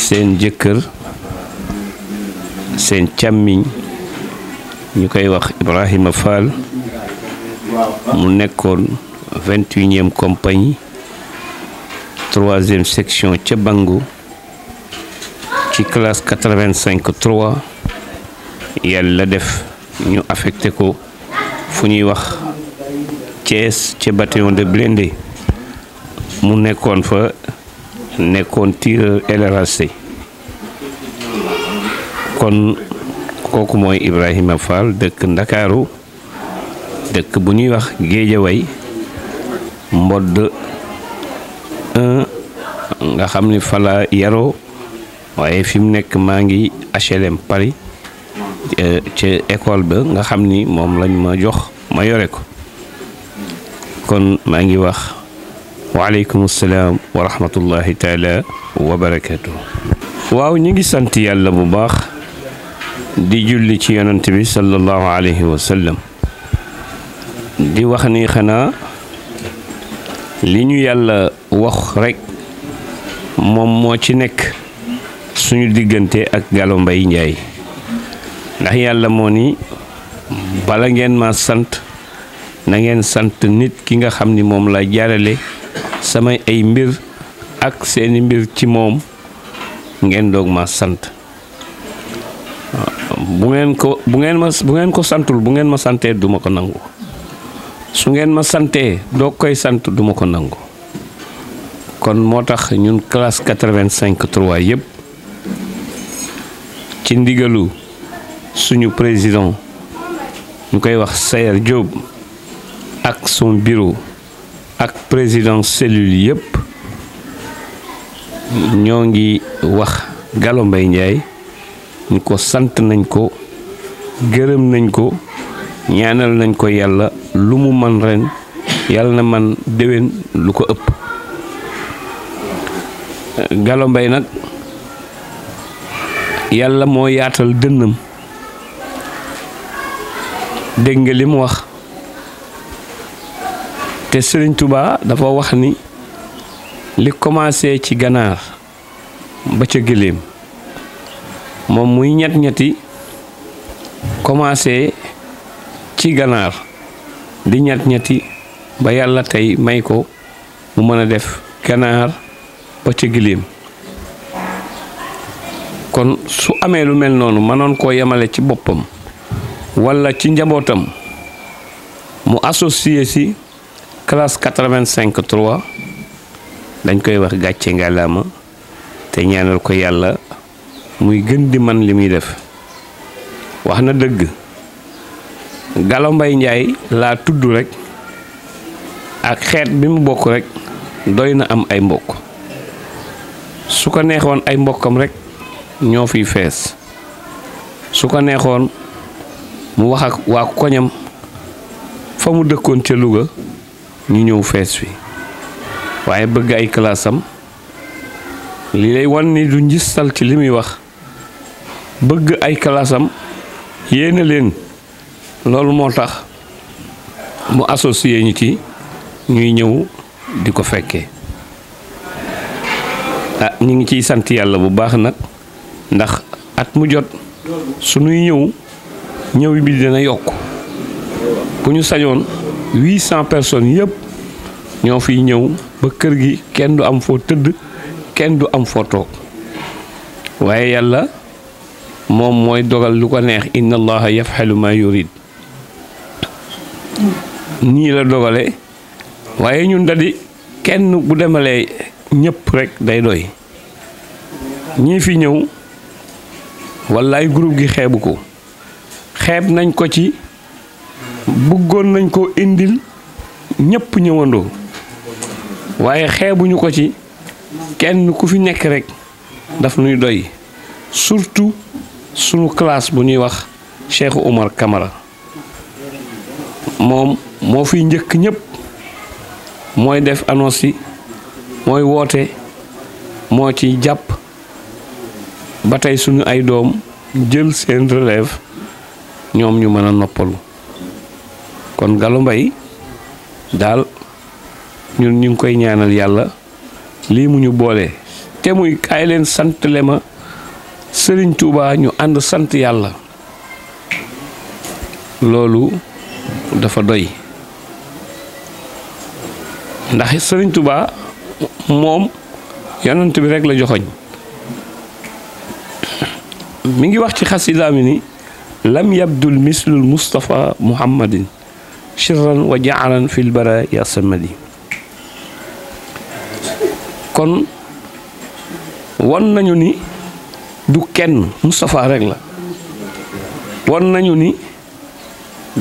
seen jëkkër seen càmmiñ ñu koy wax Ibrahima Fall mu nekkoon vingt-et-unième compagnie troisième section ca Bangu ci classe quatre-vingt-cinq trois yàlla def ñu affecté ko fu ñuy wax Thiès ca bataillon de blindé mu nekkoon fa nekkoon tireur LRAC kon kooku mooy Ibrahima Fall dëkk Ndakaaru dëkk bu ñuy wax Géejaway mbodd nga xam ni fala yaroo waaye fi mu nekk maa ngi HLM Paris euh, ca école ba nga xam ni moom lañ ma jox ma yore ko kon maa ngi wax waaleykum salaam wa rahmatullahi taala wa barakaatu. waaw ñu ngi sant yàlla bu baax di julli ci yonant bi sallallahu alayhi wa sallam di wax ni xanaa li ñu yàlla wax rekk moom moo ci nekk suñu diggante ak Gallo mbay Ndiaye ndax yàlla moo ni bala ngeen ma sant. na ngeen sant nit ki nga xamni mom la jaarale samay ay mbir ak seen mbir ci mom ngeen dog ma sant bu ngeen ko bu ngeen ma bu ngeen ko santul bu ngeen ma santee duma ko nangu su ngeen ma santee do koy sant duma ko nangu kon motax ñun classe 85 3 yeb ci ndigalu suñu président ñukay wax Sayer Diop ak son bureau ak président cellule yëpp ñoo ngi wax Gallo Mbaye Ndiaye ñu ko sant nañ ko gërëm nañ ko ñaanal nañ ko yàlla lu mu man ren yàlla na man déwén lu ko ëpp Gallo Mbaye nag yàlla moo yaatal dënnam dégg nga li wax te Sëriñ Tuubaa dafa wax ni li commencé ci ganaar ba ca gëléem moom muy ñett ñetti commencé ci ganaar di ñett ñetti ba yàlla tey may ko mu mën a def ganaar ba ca gëléem kon su amee lu mel noonu mënoon koo yemale ci boppam walla ci njabootam mu associé si classe quatre vingt dañ koy wax gàcce ngàllaama te ñaanal ko yàlla muy gën di man li muy def wax na dëgg Gallo Mbaye Ndiaye laa tudd rekk ak xeet bi mu bokk rek doy na am ay mbokk su ko neexoon ay mbokkam rekk ñoo fiy fees su ko neexoon mu wax ak waa koñam fa mu dëkkoon ca Louga ñu ñëw fees wi waaye bëgg ay classam li lay wan ni du njistal ci li muy wax bëgg ay classam yéene leen loolu moo tax mu associé ñu ci ñuy ñëw di ko fekkee ah ñu ngi ciy sant yàlla bu baax nag ndax at mu jot su ñuy ñëw ñëw bi dina yokk bu ñu sañoon huit cent personnes yëpp ñoo fiy ñëw ba kër gi kenn du am foo tëdd kenn du am foo toog waaye yàlla moom mooy dogal lu ko neex inna allaha xelu ma yurid nii la dogale waaye ñun dadi kenn bu demalee ñëpp rekk day doy ñii fi ñëw wallaay groupe gi xeebu ko xeeb nañ ko ci bëggoon nañ ko indil ñëpp ñëwandoo waaye xeebuñu ko ci kenn ku fi nekk rek daf nuy doy surtout sunu classe bu ñuy wax Cheikh Oumar kamara moom moo fiy njëkk ñëpp mooy def annonce mooy woote moo ci jàpp ba tey suñu ay doom jël seen relève ñoom ñu mën a noppalu kon Gallo mbay daal ñun ñu ngi koy ñaanal yàlla lii mu ñu boole te muy kaay leen sant le ma Sëriñ Tuuba ñu ànd sant yàlla loolu dafa doy ndax Sëriñ Tuuba moom yonent bi rekk la joxoñ mu ngi wax ci xasidaami ni lam yabdul mislul Mustafa Muhammadin sirran wa jaalan fil baraaya kon wan nañu ni du kenn Moustapha rek la wan nañu ni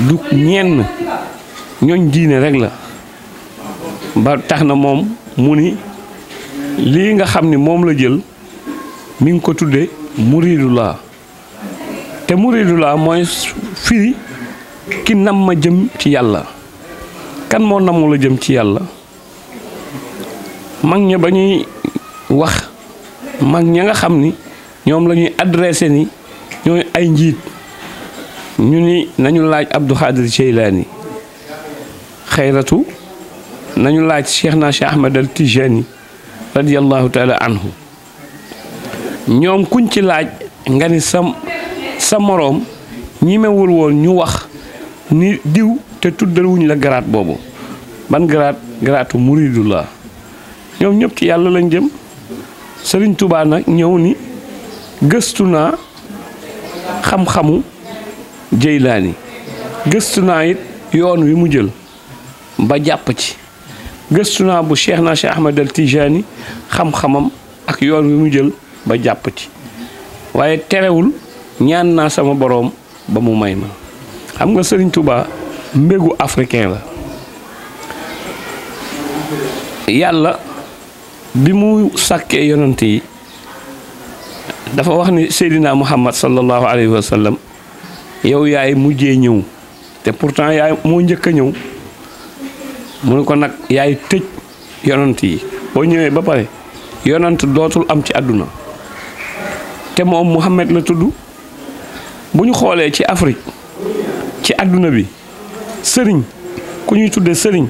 du ñenn ñooñ diine rekk la ba tax na moom mu ni lii nga xam ni moom la jël mi ngi ko tudde muridulaa te muridulaa mooy firi ki nam ma jëm ci yàlla kan moo namu la jëm ci yàlla mag ña ba ñuy wax mag ña nga xam ni ñoom la ñuy adressé ni ñooy ay njiit ñu ni nañu laaj Abdou Khadir Jeylaani xayratu nañu laaj Cheikh naa Cheikh Ahmed al Tijani radiallahu taala anhu ñoom kuñ ci laaj nga ni sa sa moroom ñi woon ñu wax ni diw te tuddaluwuñ la garaat boobu ban garaat garaatu muridullah ñoom ñëpp ci yàlla lañ jëm sëriñ tubaa ñëw ni gëstu naa xam-xamu ni gëstu naa it yoon wi mu jël ba jàpp ci gëstu naa bu cheikh naa cheikh ahmed al tijaani xam-xamam ak yoon wi mu jël ba jàpp ci waaye terewul ñaan naa sama boroom ba mu may ma am nga sëriñ Touba mbégu africain la yàlla bi mu sàkkee yonent yi dafa wax ni Seydina Muhammad sallallahu alayhi wa yow yaay mujjee ñëw te pourtant yaay moo njëkk a ñëw mu ne ko nag yaay tëj yonent yi boo ñëwee ba pare yonant dootul am ci àdduna te moom Muhammad la tudd bu ñu xoolee ci Afrique. ci àdduna bi sëriñ ku ñuy tudde sëriñ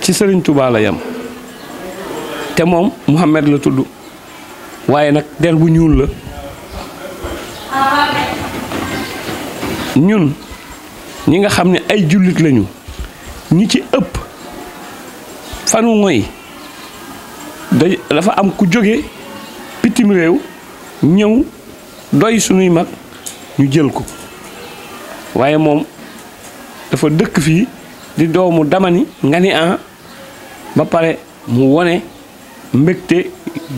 ci sëriñ Touba la yem te moom Mouhamed la tudd waaye nag der bu ñuul la ñun ñi nga xam ni ay jullit lañu ñi ci ëpp fanu mooy dafa am ku jóge bitim réew ñëw doy sunuy mag ñu jël ko waaye moom dafa dëkk fii di doomu damani nga ni an ah, ba pare mu wone mbégte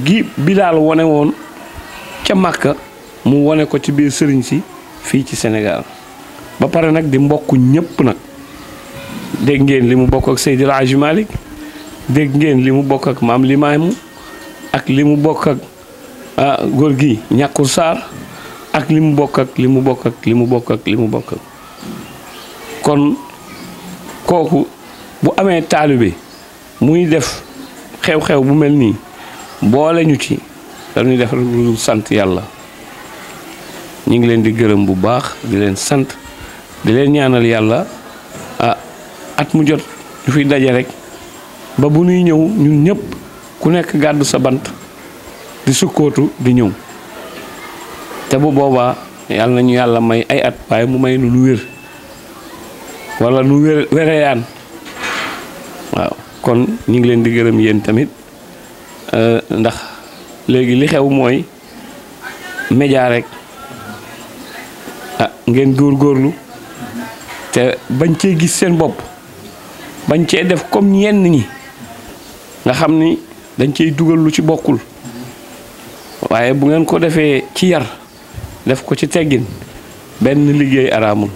gi Bilaal wone woon ca Màkka mu wone ko ci biir sëriñ si fii ci senegal ba pare nag di mbokk ñépp nag dégg ngeen li mu bokk ak Seydil Hadji dégg ngeen li mu bokk ak Maam Limaamu ak li mu bokk ak ah, góor gi ñàkkul saar ak li mu bokk ak li mu bokk ak li mu bokk ak li mu bokk ak kon koku bu amé talibé muy def xew-xew bu melni, bu boole ñu ci dañuy def lu sant yalla ñi ngi leen di gëreem bu baax di leen sant di leen ñaanal yalla ah at mu jot ñu fi dajé rek ba bu ñuy ñew ñun ñëpp ku nekk gaddu sa bant di sukotu di ñew té bu boba yalla ñu yalla may ay at waaye mu may lu wër wala nu wére wereyaan waaw kon ñu ngi leen di gërëm yéen tamit euh, ndax léegi li xew mooy média rek ah, ngeen góor góorlu te bañ cee gis seen bopp bañ cee def comme ñenn ñi nga xam ni dañ cey dugal lu ci bokkul waaye bu ngeen ko defee ci yar def ko ci teggin benn liggéey araamul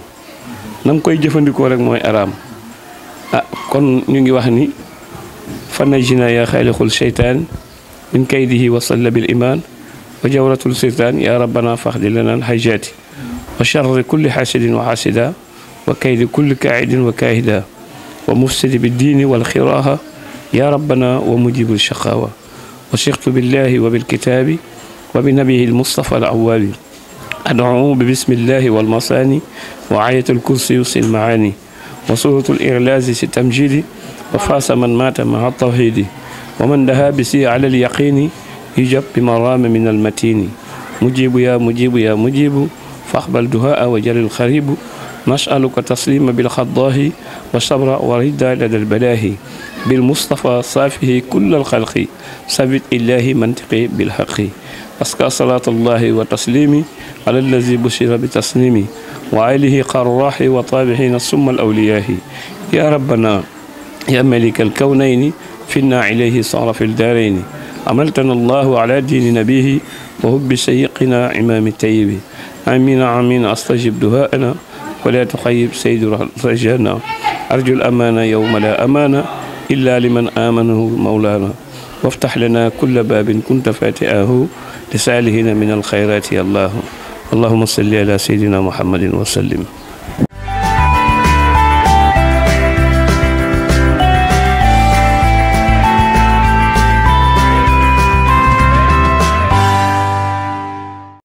nam koy jëfëndiko rek moy aram ah kon ñu ngi wax ni fanajina ya khaliqul shaytan min kaydihi wa salla bil iman wa jawratul shaytan ya rabbana faxdi lana al alxajaati wa charri kulli xaasidin wa hasida wa kayd kulli kaaidin wa kahida wa mufsid bid din wal khiraha yaa rabbana wa mujibul shaqaawa wa siqtu billahi wa bilkitaabi wa bi nabihi almustafa أدعو ببسم الله والمصاني وعاية الكرسي المعاني وسورة الإغلاز ستمجيد وفاس من مات مع التوحيد ومن دها بسي على اليقين يجب بمرام من المتين مجيب يا مجيب يا مجيب فاقبل دهاء وجل الخريب نسألك تسليم بالخضاه والصبر وردة لدى البلاهي بالمصطفى صافه كل الخلق سبت الله منطقي بالحق أسكى صلاة الله وتسليمي على الذي بشر بتسليمي وعليه قراح وطابحين ثم الأولياء يا ربنا يا ملك الكونين فنا عليه في الدارين عملتنا الله على دين نبيه وهب شيقنا إمام التيب آمين آمين أستجب دعاءنا ولا تخيب سيد رجانا أرجو الأمانة يوم لا أمانة إلا لمن آمنه مولانا وافتح لنا كل باب كنت فاتئه لسالهنا من الخيرات يا الله اللهم صل على سيدنا محمد وسلم